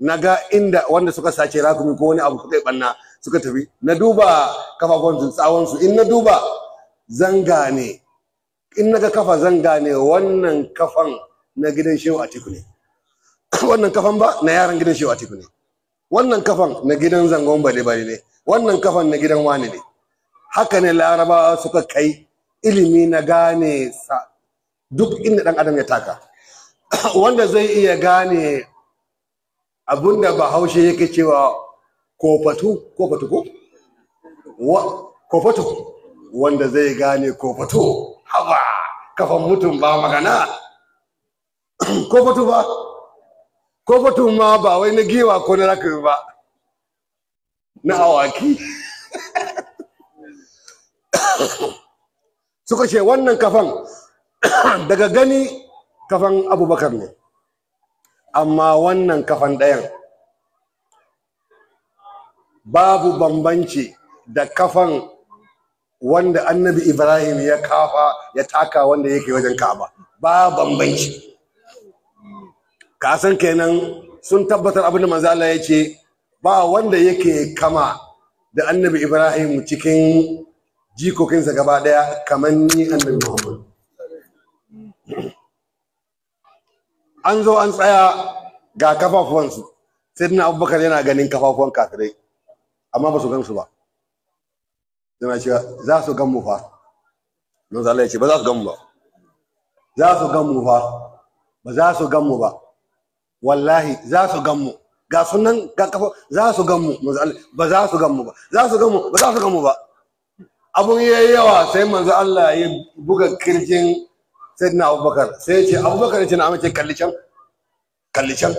na ga inda wanda suka sace rakumi ko wani abu suka yi banna suka tafi na duba kafafunsu tsawonsu in na duba zanga ne in naga kafa zan gane wannan kafan na gidan shehu atiku ne wannan kafan ba na yaran gidan shehu atiku ne wannan kafan na gidan zangon bale bale ne wannan kafan na gidan wani ne haka ne larabawa suka kai ilimi na gane sa duk inda dan adam ya taka wanda zai iya gane abinda bahaushe yake cewa kofatu kofatu ko kofatu wanda zai gane kofatu hawa kafa mutum ba magana ko fatu ba ko fatu ma ba wai na giwa ko na raka ba na awaki suka ce wannan kafan daga gani kafan abubakar ne amma wannan kafan ɗayan babu bambanci da kafan wanda annabi ibrahim ya kafa ya taka wanda yake wajen kaba ba bambanci ka kenan sun tabbatar abin da manzala ya ce ba wanda yake kama da annabi ibrahim cikin jikokinsa gaba daya kamar ni annabi muhammad an zo an tsaya ga kafafuwansu sai dina abubakar yana ganin kafafuwan kafirai amma ba su gansu ba zama cewa za su gan mu fa don Allah ya ce ba za su gan mu ba za su gan mu fa ba za su gan mu ba wallahi za su gan mu ga sunan ga kafa za su gan mu ba za su gan mu ba za su gan mu ba za su gan mu ba abun yayi yawa sai manzo Allah ya buga kirjin sayyidina Abubakar sai ya ce Abubakar ya ce na amince kalli can kalli can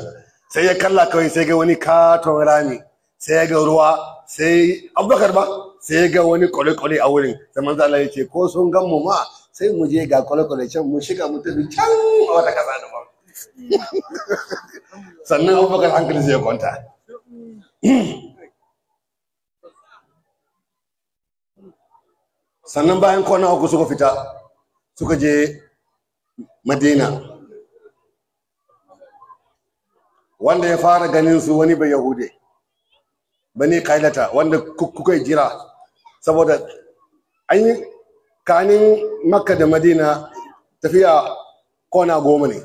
sai ya kalla kawai sai ga wani katon rami sai ya ga ruwa sai Abubakar ba sai ga wani kwale-kwale a wurin da manzo Allah ya ce ko sun gan mu ma sai mu je ga kwale-kwale can mu shiga mu tafi can a wata kasa da ba sannan Abubakar hankali zai ya kwanta sannan bayan kwana uku suka fita suka je Madina wanda ya fara ganin su wani bai yahude bani kailata wanda kuka jira saboda an yi kanin makka da madina tafiya kona goma ne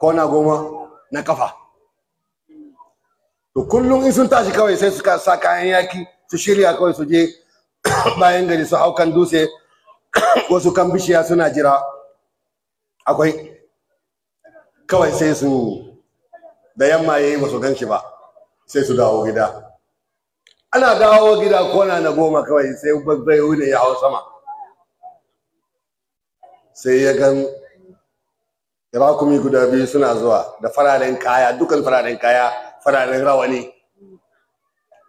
kona goma na kafa to kullum in sun tashi kawai sai suka sa kayan yaki su shirya kawai su je bayan gari su hau kan dutse wasu kan bishiya suna jira akwai kawai sai su da yamma yayi ba su gan shi ba sai su dawo gida ana dawo gida kona na goma kawai sai babbai ne ya hau sama sai ya gan rakumi guda biyu suna zuwa da fararen kaya dukan fararen kaya fararen rawani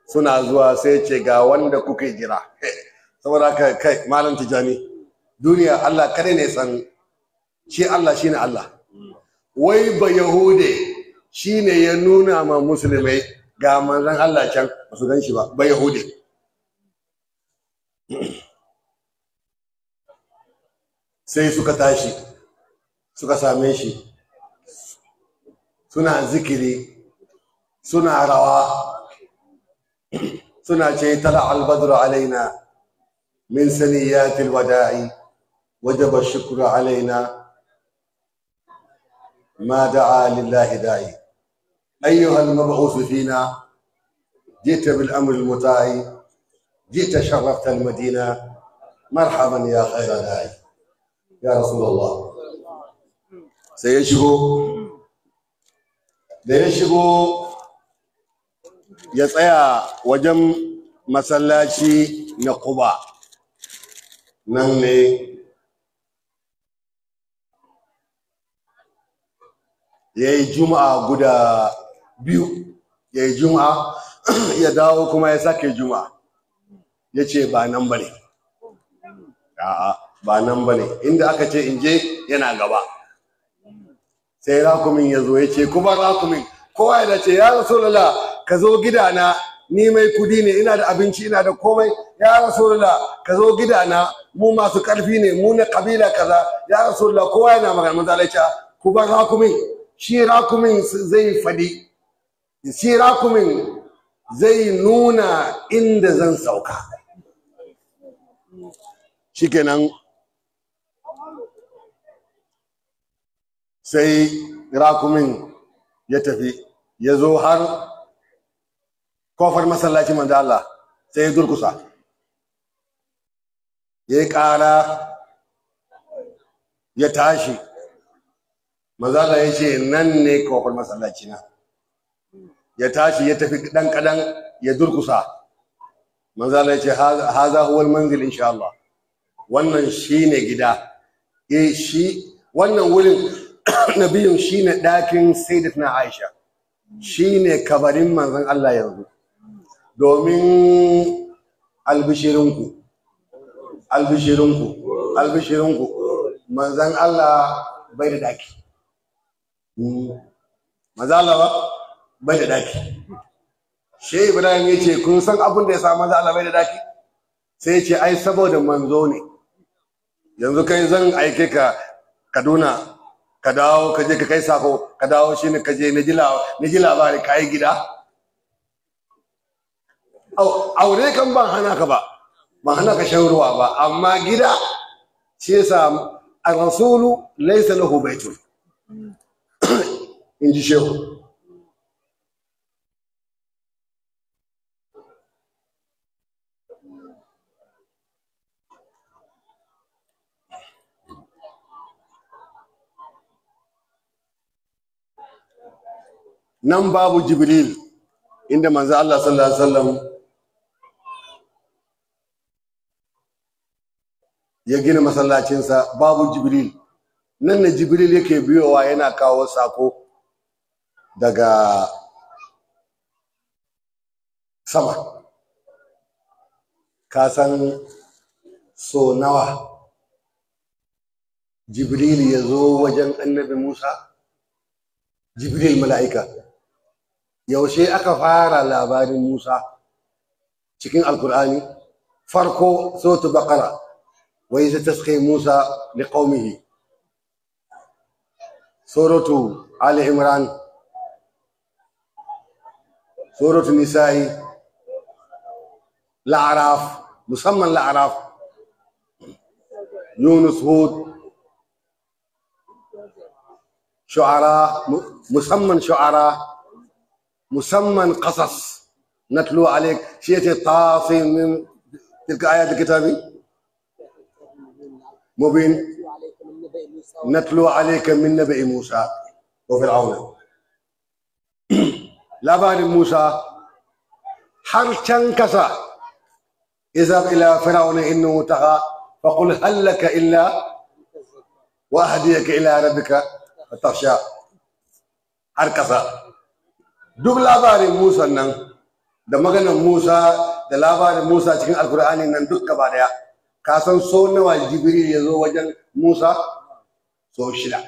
suna zuwa sai ce ga wanda kuke jira saboda haka kai malam tijani duniya Allah kada ne san shi Allah shine Allah wai ba yahude shine ya nuna ma musulmai ga manzon Allah can ba su gan shi ba ba yahudi sai suka tashi suka same shi suna zikiri suna rawa suna ce tala albadru alaina min saniyatil wada'i wajaba shukru alaina ما دعا لله داعي أيها المبعوث فينا جئت بالامر المطاع جئت شرفت المدينه مرحبا يا خير الهي يا رسول الله سيشهو يا يطيع وجم مسلاشي نقبا نهني يا جمعة غدا بيو يا جمعة ya dawo kuma ya sake juma. ya ce ba nan ba ne a'a ba nan ba ne inda aka ce in je yana gaba sai rakumin ya zo ya ce kuma rakumin kowa ya ce ya lala ka zo gidana ni mai kudi ne ina da abinci ina da komai ya lala ka zo gidana mu masu karfi ne mu na kabila kaza ya lala kowa yana magana maza Allah Kuma ku bar rakumin shi rakumin zai fadi shi rakumin zai nuna inda zan sauka shikenan sai rakumin ya tafi ya zo har kofar masallaci manzo Allah sai ya durkusa ya yi ƙara ya tashi manzo Allah ya ce nan ne kofar masallaci na ya tashi ya tafi dan kadan ya durkusa manzo Allah ya ce haza huwal manzil insha Allah wannan shine gida eh shi wannan wurin nabiyun shine dakin sayyidatuna Aisha shine kabarin manzon Allah yanzu domin albishirinku albishirinku albishirinku manzan Allah bai da daki hmm. manzan Allah ba bai da daki shehu ibrahim ya ce kun san abin da ya sa za a bai da daki sai ya ce ai saboda manzo ne yanzu kai zan aike ka kaduna ka dawo ka je ka kai sako ka dawo shi ne ka je na ji labari ka yi gida aure kan ban hana ka ba ban hana ka shan ruwa ba amma gida shi samu a rasulu laisa lahu baitun in ji shehu nan babu jibril inda manzo Allah sallallahu alaihi wasallam ya gina masallacinsa babu jibril nan ne jibril yake biyowa yana kawo sako daga sama ka san so nawa jibril ya zo wajen annabi musa jibril mala'ika yaushe aka fara labarin Musa cikin Alkur'ani farko sotu baqara wa iza tasqi Musa liqaumihi suratu Ali Imran suratu Nisa'i La'raf musamman La'raf Yunus Hud شعراء مسمى شعراء مسمى قصص نتلو عليك شيئتي طافي من تلك آيات الكتاب مبين نتلو عليك من نبي موسى وفرعون لا بال موسى حر كسا اذهب الى فرعون انه تغى فقل هل لك الا واهديك الى ربك فتخشى حر كسا duk labarin Musa nan da maganar Musa da labarin Musa cikin Alkur'ani nan duk gaba daya ka san so nawa Jibril ya zo wajen Musa so shida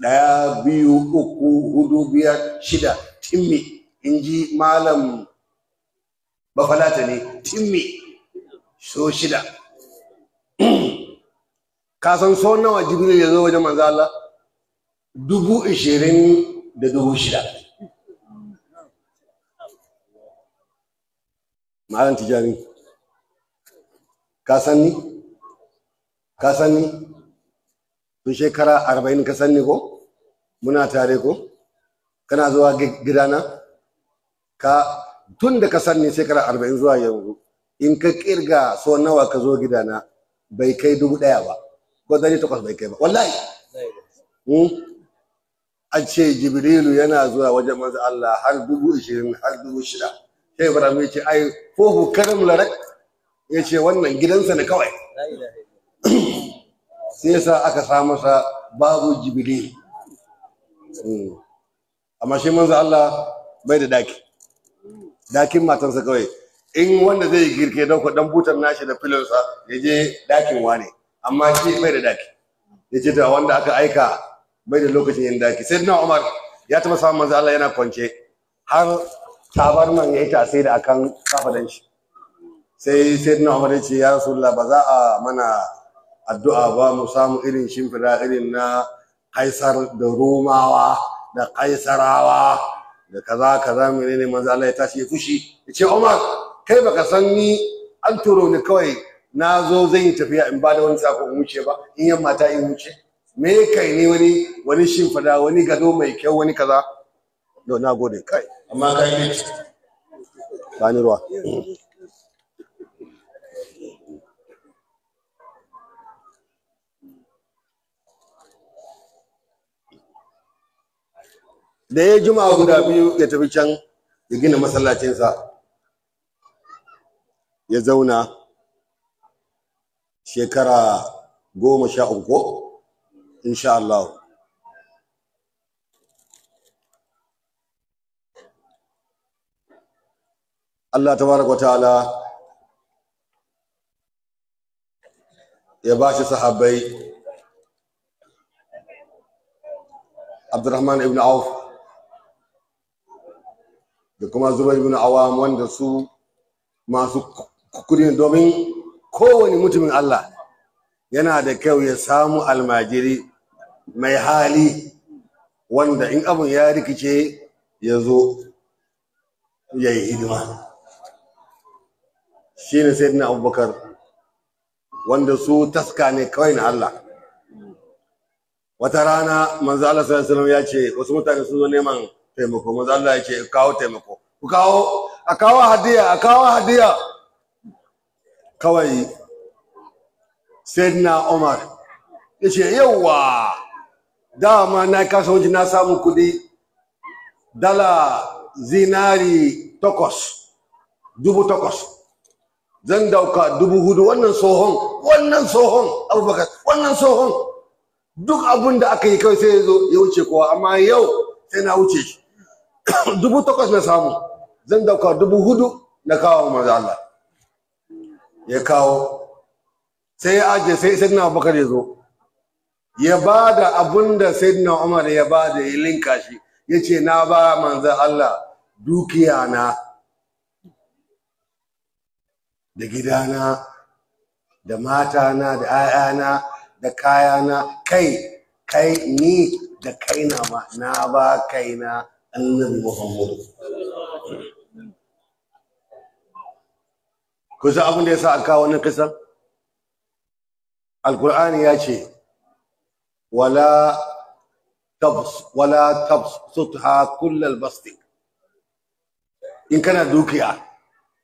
daya biyu uku hudu biyar shida timmi in ji malam bafalata ne timmi so shida ka san so nawa Jibril ya zo wajen manzo Allah dubu ishirin da dubu shida Malam Tijani. Ka sanni? Ka sanni? Tun shekara arba'in ka sanni ko? Muna tare ko? Kana zuwa gidana? Ka tun da ka sanni shekara arba'in zuwa yanzu in ka kirga so nawa ka zo gidana bai kai dubu ɗaya ba ko ɗari takwas bai kai ba wallahi hmm? a ce jibrilu yana zuwa wajen manzo Allah har dubu ishirin har dubu shida sai ibrahim ya ce ai ko hukarin larak ya ce wannan gidansa ne kawai sai yasa aka sa masa babu jibili hmm. amma shi manzo Allah bai da daki dakin matansa kawai in wanda zai girke don ku dan butan nashi da filonsa ya je dakin wane amma shi bai da daki ya ce ta wanda aka aika bai da lokacin yin daki sai na umar ya taɓa samun manzo Allah yana kwance har tabarman ya yi tasiri a kan kafadan shi sai sai na umar ya ce ya rasulullah ba za a mana addu'a ba mu samu irin shimfida irin na kaisar da romawa da kaisarawa da kaza kaza ne manzo Allah ya tashi ya fushi ya ce umar kai baka san ni an turo ni kawai na zo zan yi tafiya in ba da wani sako in wuce ba in yamma ta in wuce me kai ne wani wani shimfida wani gado mai kyau wani kaza don na gode kai amma ka yi ba ruwa da ya juma guda biyu ya tafi can ya gina masallacinsa ya zauna shekara goma sha uku insha Allah Allah tabaraka ta'ala ya bashi shi sahabbai abdurrahman ibn auf da kuma zubair ibn awam wanda su masu kudin domin kowane mutumin allah yana da kyau ya samu almajiri mai hali wanda in abin ya rikice ya zo ya yi hidima shine sayyidina abubakar wanda su taska ne kawai na Allah wata rana manzo Allah sallallahu alaihi wasallam ya ce wasu mutane sun zo neman taimako manzo Allah ya ce kawo taimako ku kawo a kawo hadiya a kawo hadiya kawai sayyidina Umar ya ce yawa dama na kasuwanci na samu kuɗi dala zinari takwas dubu takwas zan dauka dubu hudu wannan tsohon wannan tsohon abubakar wannan tsohon duk abun da aka yi kawai sai ya zo ya wuce kowa amma yau sai na wuce shi dubu takwas na samu zan dauka dubu hudu na kawo maza Allah ya kawo sai ya aje sai sayyidina abubakar ya zo ya ba da abun da sayyidina umar ya ba da ya linka shi ya ce na ba manzan Allah dukiya na da gidana da matana da 'ya'yana da kayana kai kai ni da kaina ma na ba kaina annabi muhammadu kusa abin da ya sa a kawo wannan kisan alkur'ani ya ce wala tabs wala tabs sutha kullal basti in kana dukiya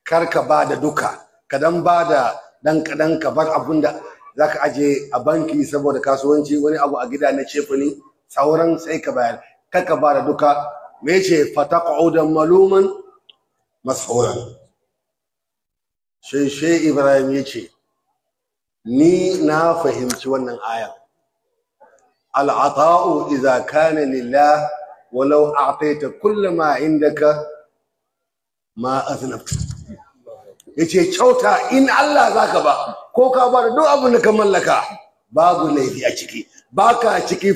kar ka ba da duka kadan ba da dan kadan ka bar abun da zaka aje a banki saboda kasuwanci wani abu a gida na cefani sauran sai ka bayar kar ka ba duka me yace fataqaudan maluman mas'ulan sai shi Ibrahim yace ni na fahimci wannan ayan al'ata'u idza kana lillah walau a'taita kullama indaka ma aznabtu ya ce kyauta in Allah za ka ba ko ka ba da duk abin da ka mallaka babu laifi a ciki ba ka ciki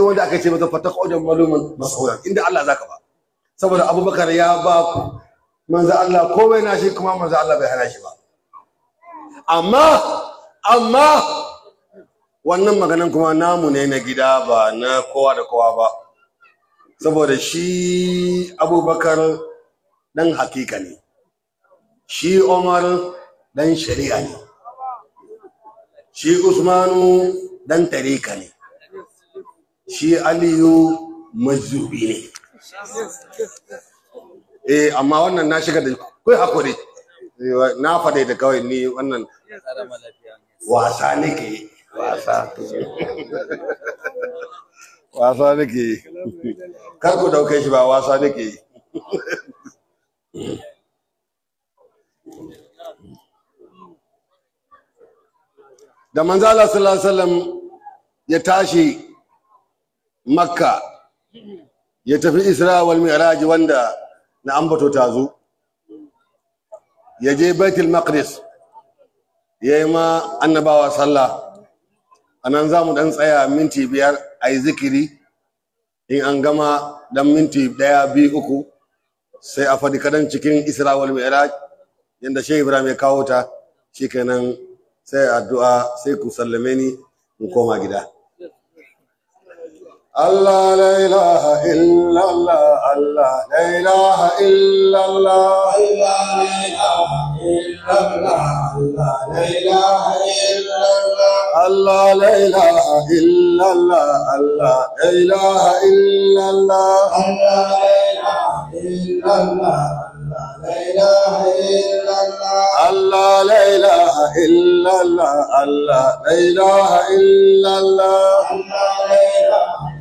wanda aka ce mata fata kodin malumin masauran inda Allah za ka ba saboda abubakar ya ba ku manzo Allah komai na shi kuma manzo Allah bai hana shi ba amma amma wannan maganan kuma namu ne na gida ba na kowa da kowa ba saboda shi abubakar dan hakika ne shi Omar dan shari'a ne shi Usmanu dan tarika ne shi Aliyu mazubi ne eh amma wannan na shiga da kai hakuri na fade da kawai ni wannan wasa nake wasa wasa nake kar ku dauke shi ba wasa nake da manzala sallallahu alaihi ya tashi makka ya tafi isra wal mi'raj wanda na ambato ta zo ya je baitul maqdis ya ma annabawa sallah anan zamu dan tsaya minti biyar ayi zikiri in an gama dan minti daya biyu uku sai a fadi kadan cikin isra wal mi'raj yanda shehu ibrahim ya kawo ta shikenan sai addu'a sai ku sallame ni in koma gida Allah la illallah Allah la ilaha illallah Allah la ilaha illallah Allah la ilaha illallah Allah la ilaha illallah Allah la ilaha illallah Allah la ilaha illallah Allah la ilaha illallah Allah la ilaha illallah Allah la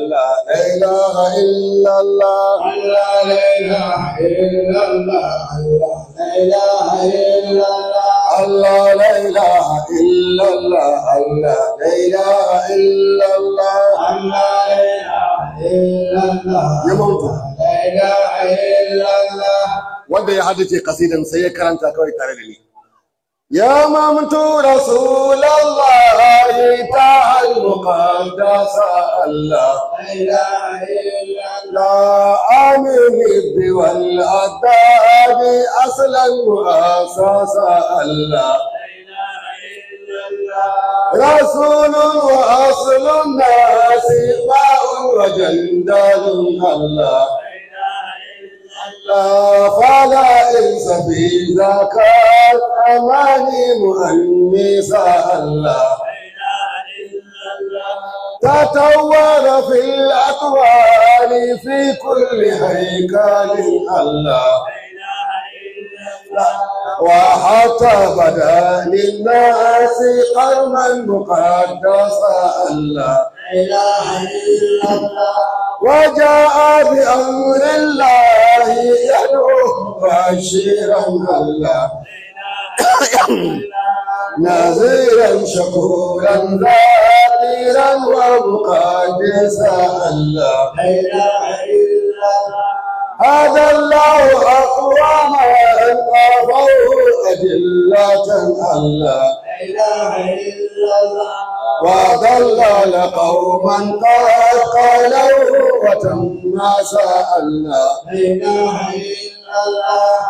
الله لا إله إلا الله لا إله إلا الله لا إله إلا الله الله لا إله إلا الله الله لا إله إلا الله الله لا إله إلا الله يا موتى لا إله إلا الله وده يحدث قصيدة سيكرا تكوي ترى لي يا ممت رسول الله تاع المقدس الله لا اله الا امن الد والاداب اصلا واساسا الله رسول واصل الناس ماء وجندال الله فلا إنس في ذاك أماني مؤنسا الله تطور في الأطوال في كل هيكل الله وحتى بدا للناس قرما مقدسا لا اله الا الله وجاء بامر الله يدعو بشيرا الله نذيرا شكورا ذاكرا ومقدسا لا اله الا الله هذا الله أقوام أن أبوه أدلة أن لا إله إلا الله وضلل لقوما قد قالوه وتماس أن لا إله إلا الله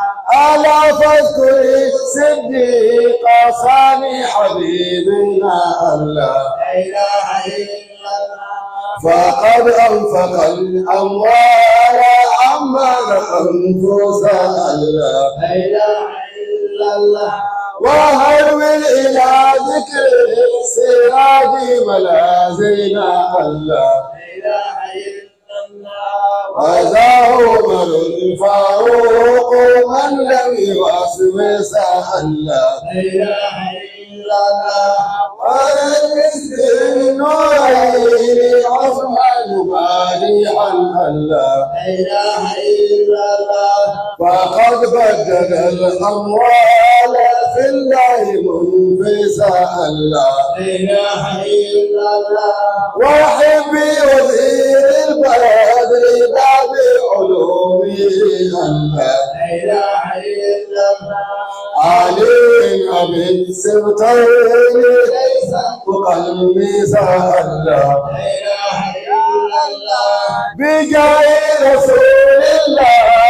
ألا فاذكر صديق صانع حبيبنا ألا لا إله إلا الله فقد أنفق الأموال عمن أنفسها لا إله إلا الله وهرول إلى ذكر السراج ملازمنا الله لا إله إلا وزاهم الفاروق من لم يوسوس أن لا إله إلا الله والمسكين عثمان شارحا ألا إله إلا الله فقد بدل الأموال في الله منفسا ألا إله إلا الله وحبي وزير البلد لباب علومه ألا إله إلا الله علي أبي السبتين وقلبي سألا لا إله إلا الله بجاه رسول الله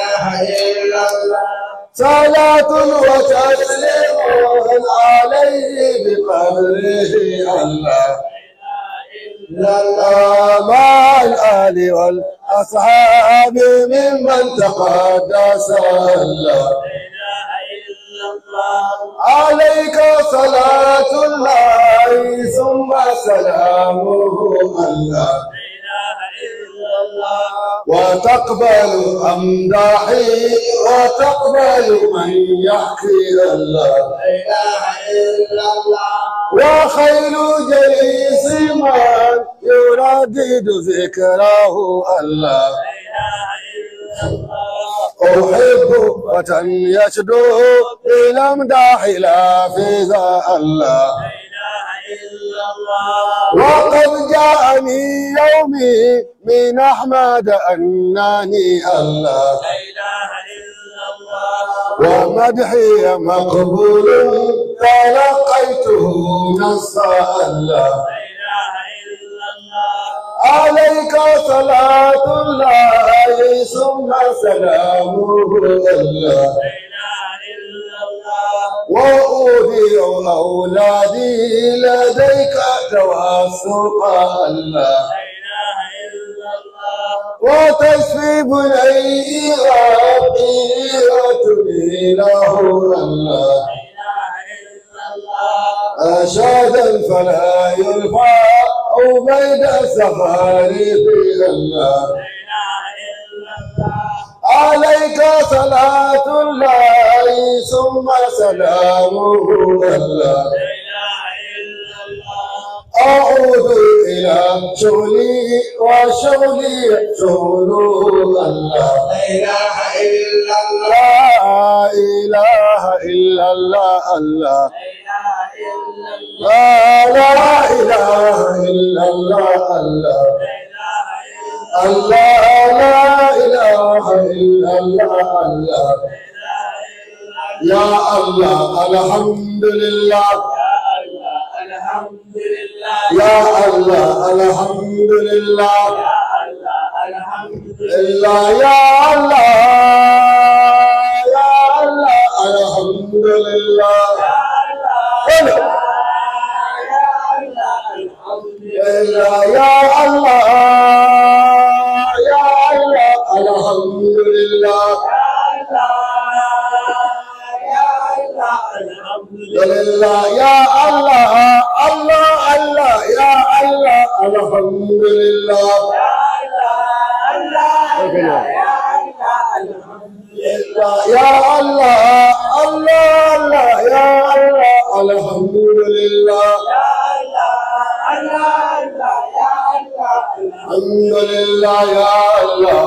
إله إلا الله صلاة وتسليم عليه بقدره الله الله مع الأهل والأصحاب ممن تقدس الله عليك صلاة الله ثم سلامه الله وتقبل أمداحي وتقبل من يحكي الله لا إله إلا الله وخير جليس من يردد ذكره الله لا إله إلا الله أحب وطن يشدو إلى بلمداح لا في الله الله وقد جاءني يومي من أحمد أنني الله لا إله إلا الله ومدحي مقبول تلقيته نصا الله عليك صلاة الله ثم سلامه الله وأودع أولادي لديك تواسقا لا إله إلا الله وتشفي بني ربي وتبي له الله أشاد فلا يرفع عبيد السفاري في الله عليك صلاة الله ثم سلامه الله أعود إلى شغلي وشغلي شغل الله لا إله إلا الله لا إله إلا الله الله لا إله إلا الله الله الله لا إله إلا الله الله يا الله الحمد لله يا الله الحمد لله إلا يا الله يا الله الحمد لله يا الله يا الله لله لله يا الله الله الله يا الله الحمد لله يا الله الله الله يا الله الحمد لله الحمد لله يا الله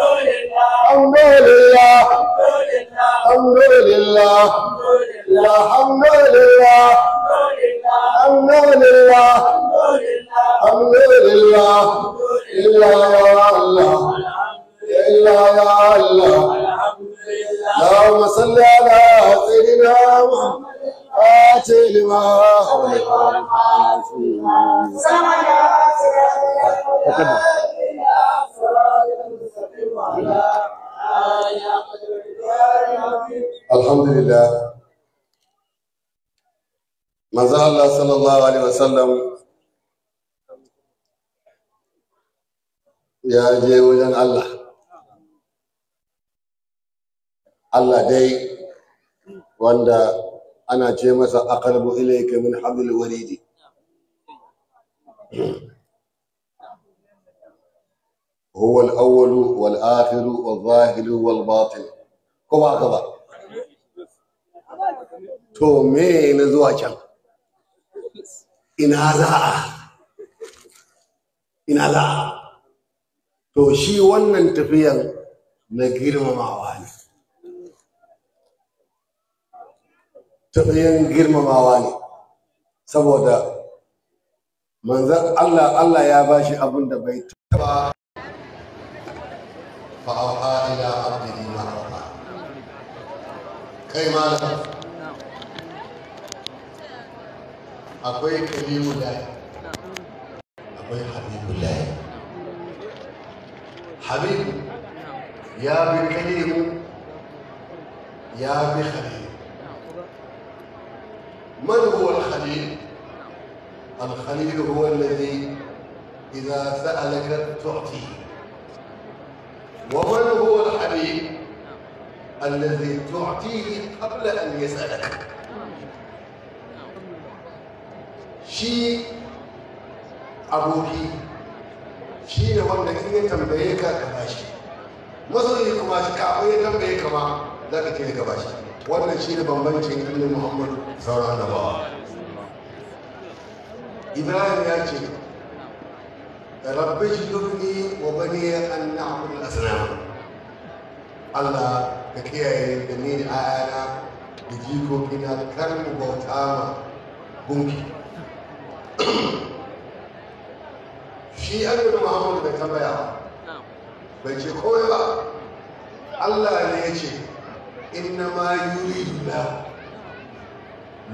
الحمد لله الحمد لله الحمد لله الحمد لله الحمد لله إلا يا الله إلا يا الله اللهم صل على سيدنا محمد آتي لما تقدم alhamdulillah manzo Allah sallallahu alaihi wasallam ya je wajen Allah Allah dai wanda ana ce masa aqrabu ilayka min hablil waridi wal الأول والآخر والظاهر والباطن كما هكذا to me na zuwa can ina za'a ina za'a to shi wannan tafiyan na girmamawa ne tafiyan girmamawa ne saboda manzan Allah ya bashi abin da bai فأوحى إلى عبده ما أوحى كي مالا أبوي كريم الله أبوي حبيب الله حبيب يا بكريم يا بخليل من هو الخليل؟ الخليل هو الذي إذا سألك تعطيه ومن هو الحبيب الذي تعطيه قبل أن يسألك shi aboki shi ne wanda in ya tambaye ka ka bashi masoyi kuma shi kafin ya tambaye ka ma za ka ce ka bashi wannan shi ne bambancin annabi muhammad sauran annabawa ibrahim ya ce رب اجلبني وبني ان نعبد الاصنام الله كيكي دنين عائلة بجيكو كنا كرم بوتاما بونكي في أمر محمد بكما يا نعم. بجي خوي با الله ليجي إنما يريد الله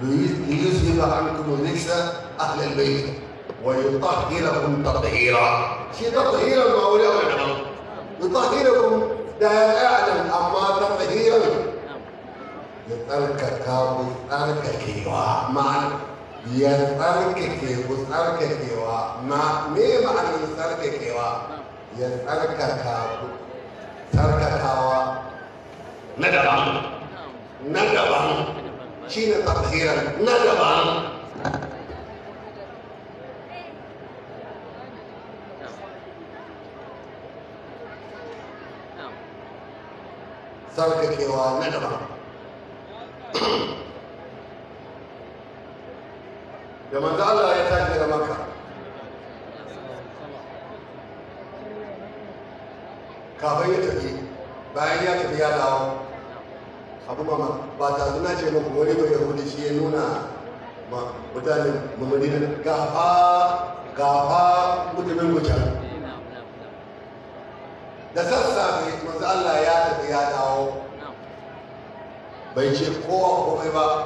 ليذهب عنكم ونكسى أهل البيت ويطهركم تطهيرا شي تطهيرا ما ولا يطهركم ده اعلم اما تطهيرا ما ويتركك كيوا يتركك كيوا ما ميه معنى كاوي يتركك كاوا ندبا ندبا شين تطهيرا ندبا tsarkakewa na gaba da manzo Allah ya tafi da maka kafin ya tafi bayan ya tafi ya dawo abu mama ba ta zuna ce maku wani mai yahudi shi ya nuna ma mutane mamadina gafa gafa mutumin gucan da sassafe manzo Allah ya tafi ya dawo bai ce kowa komai ba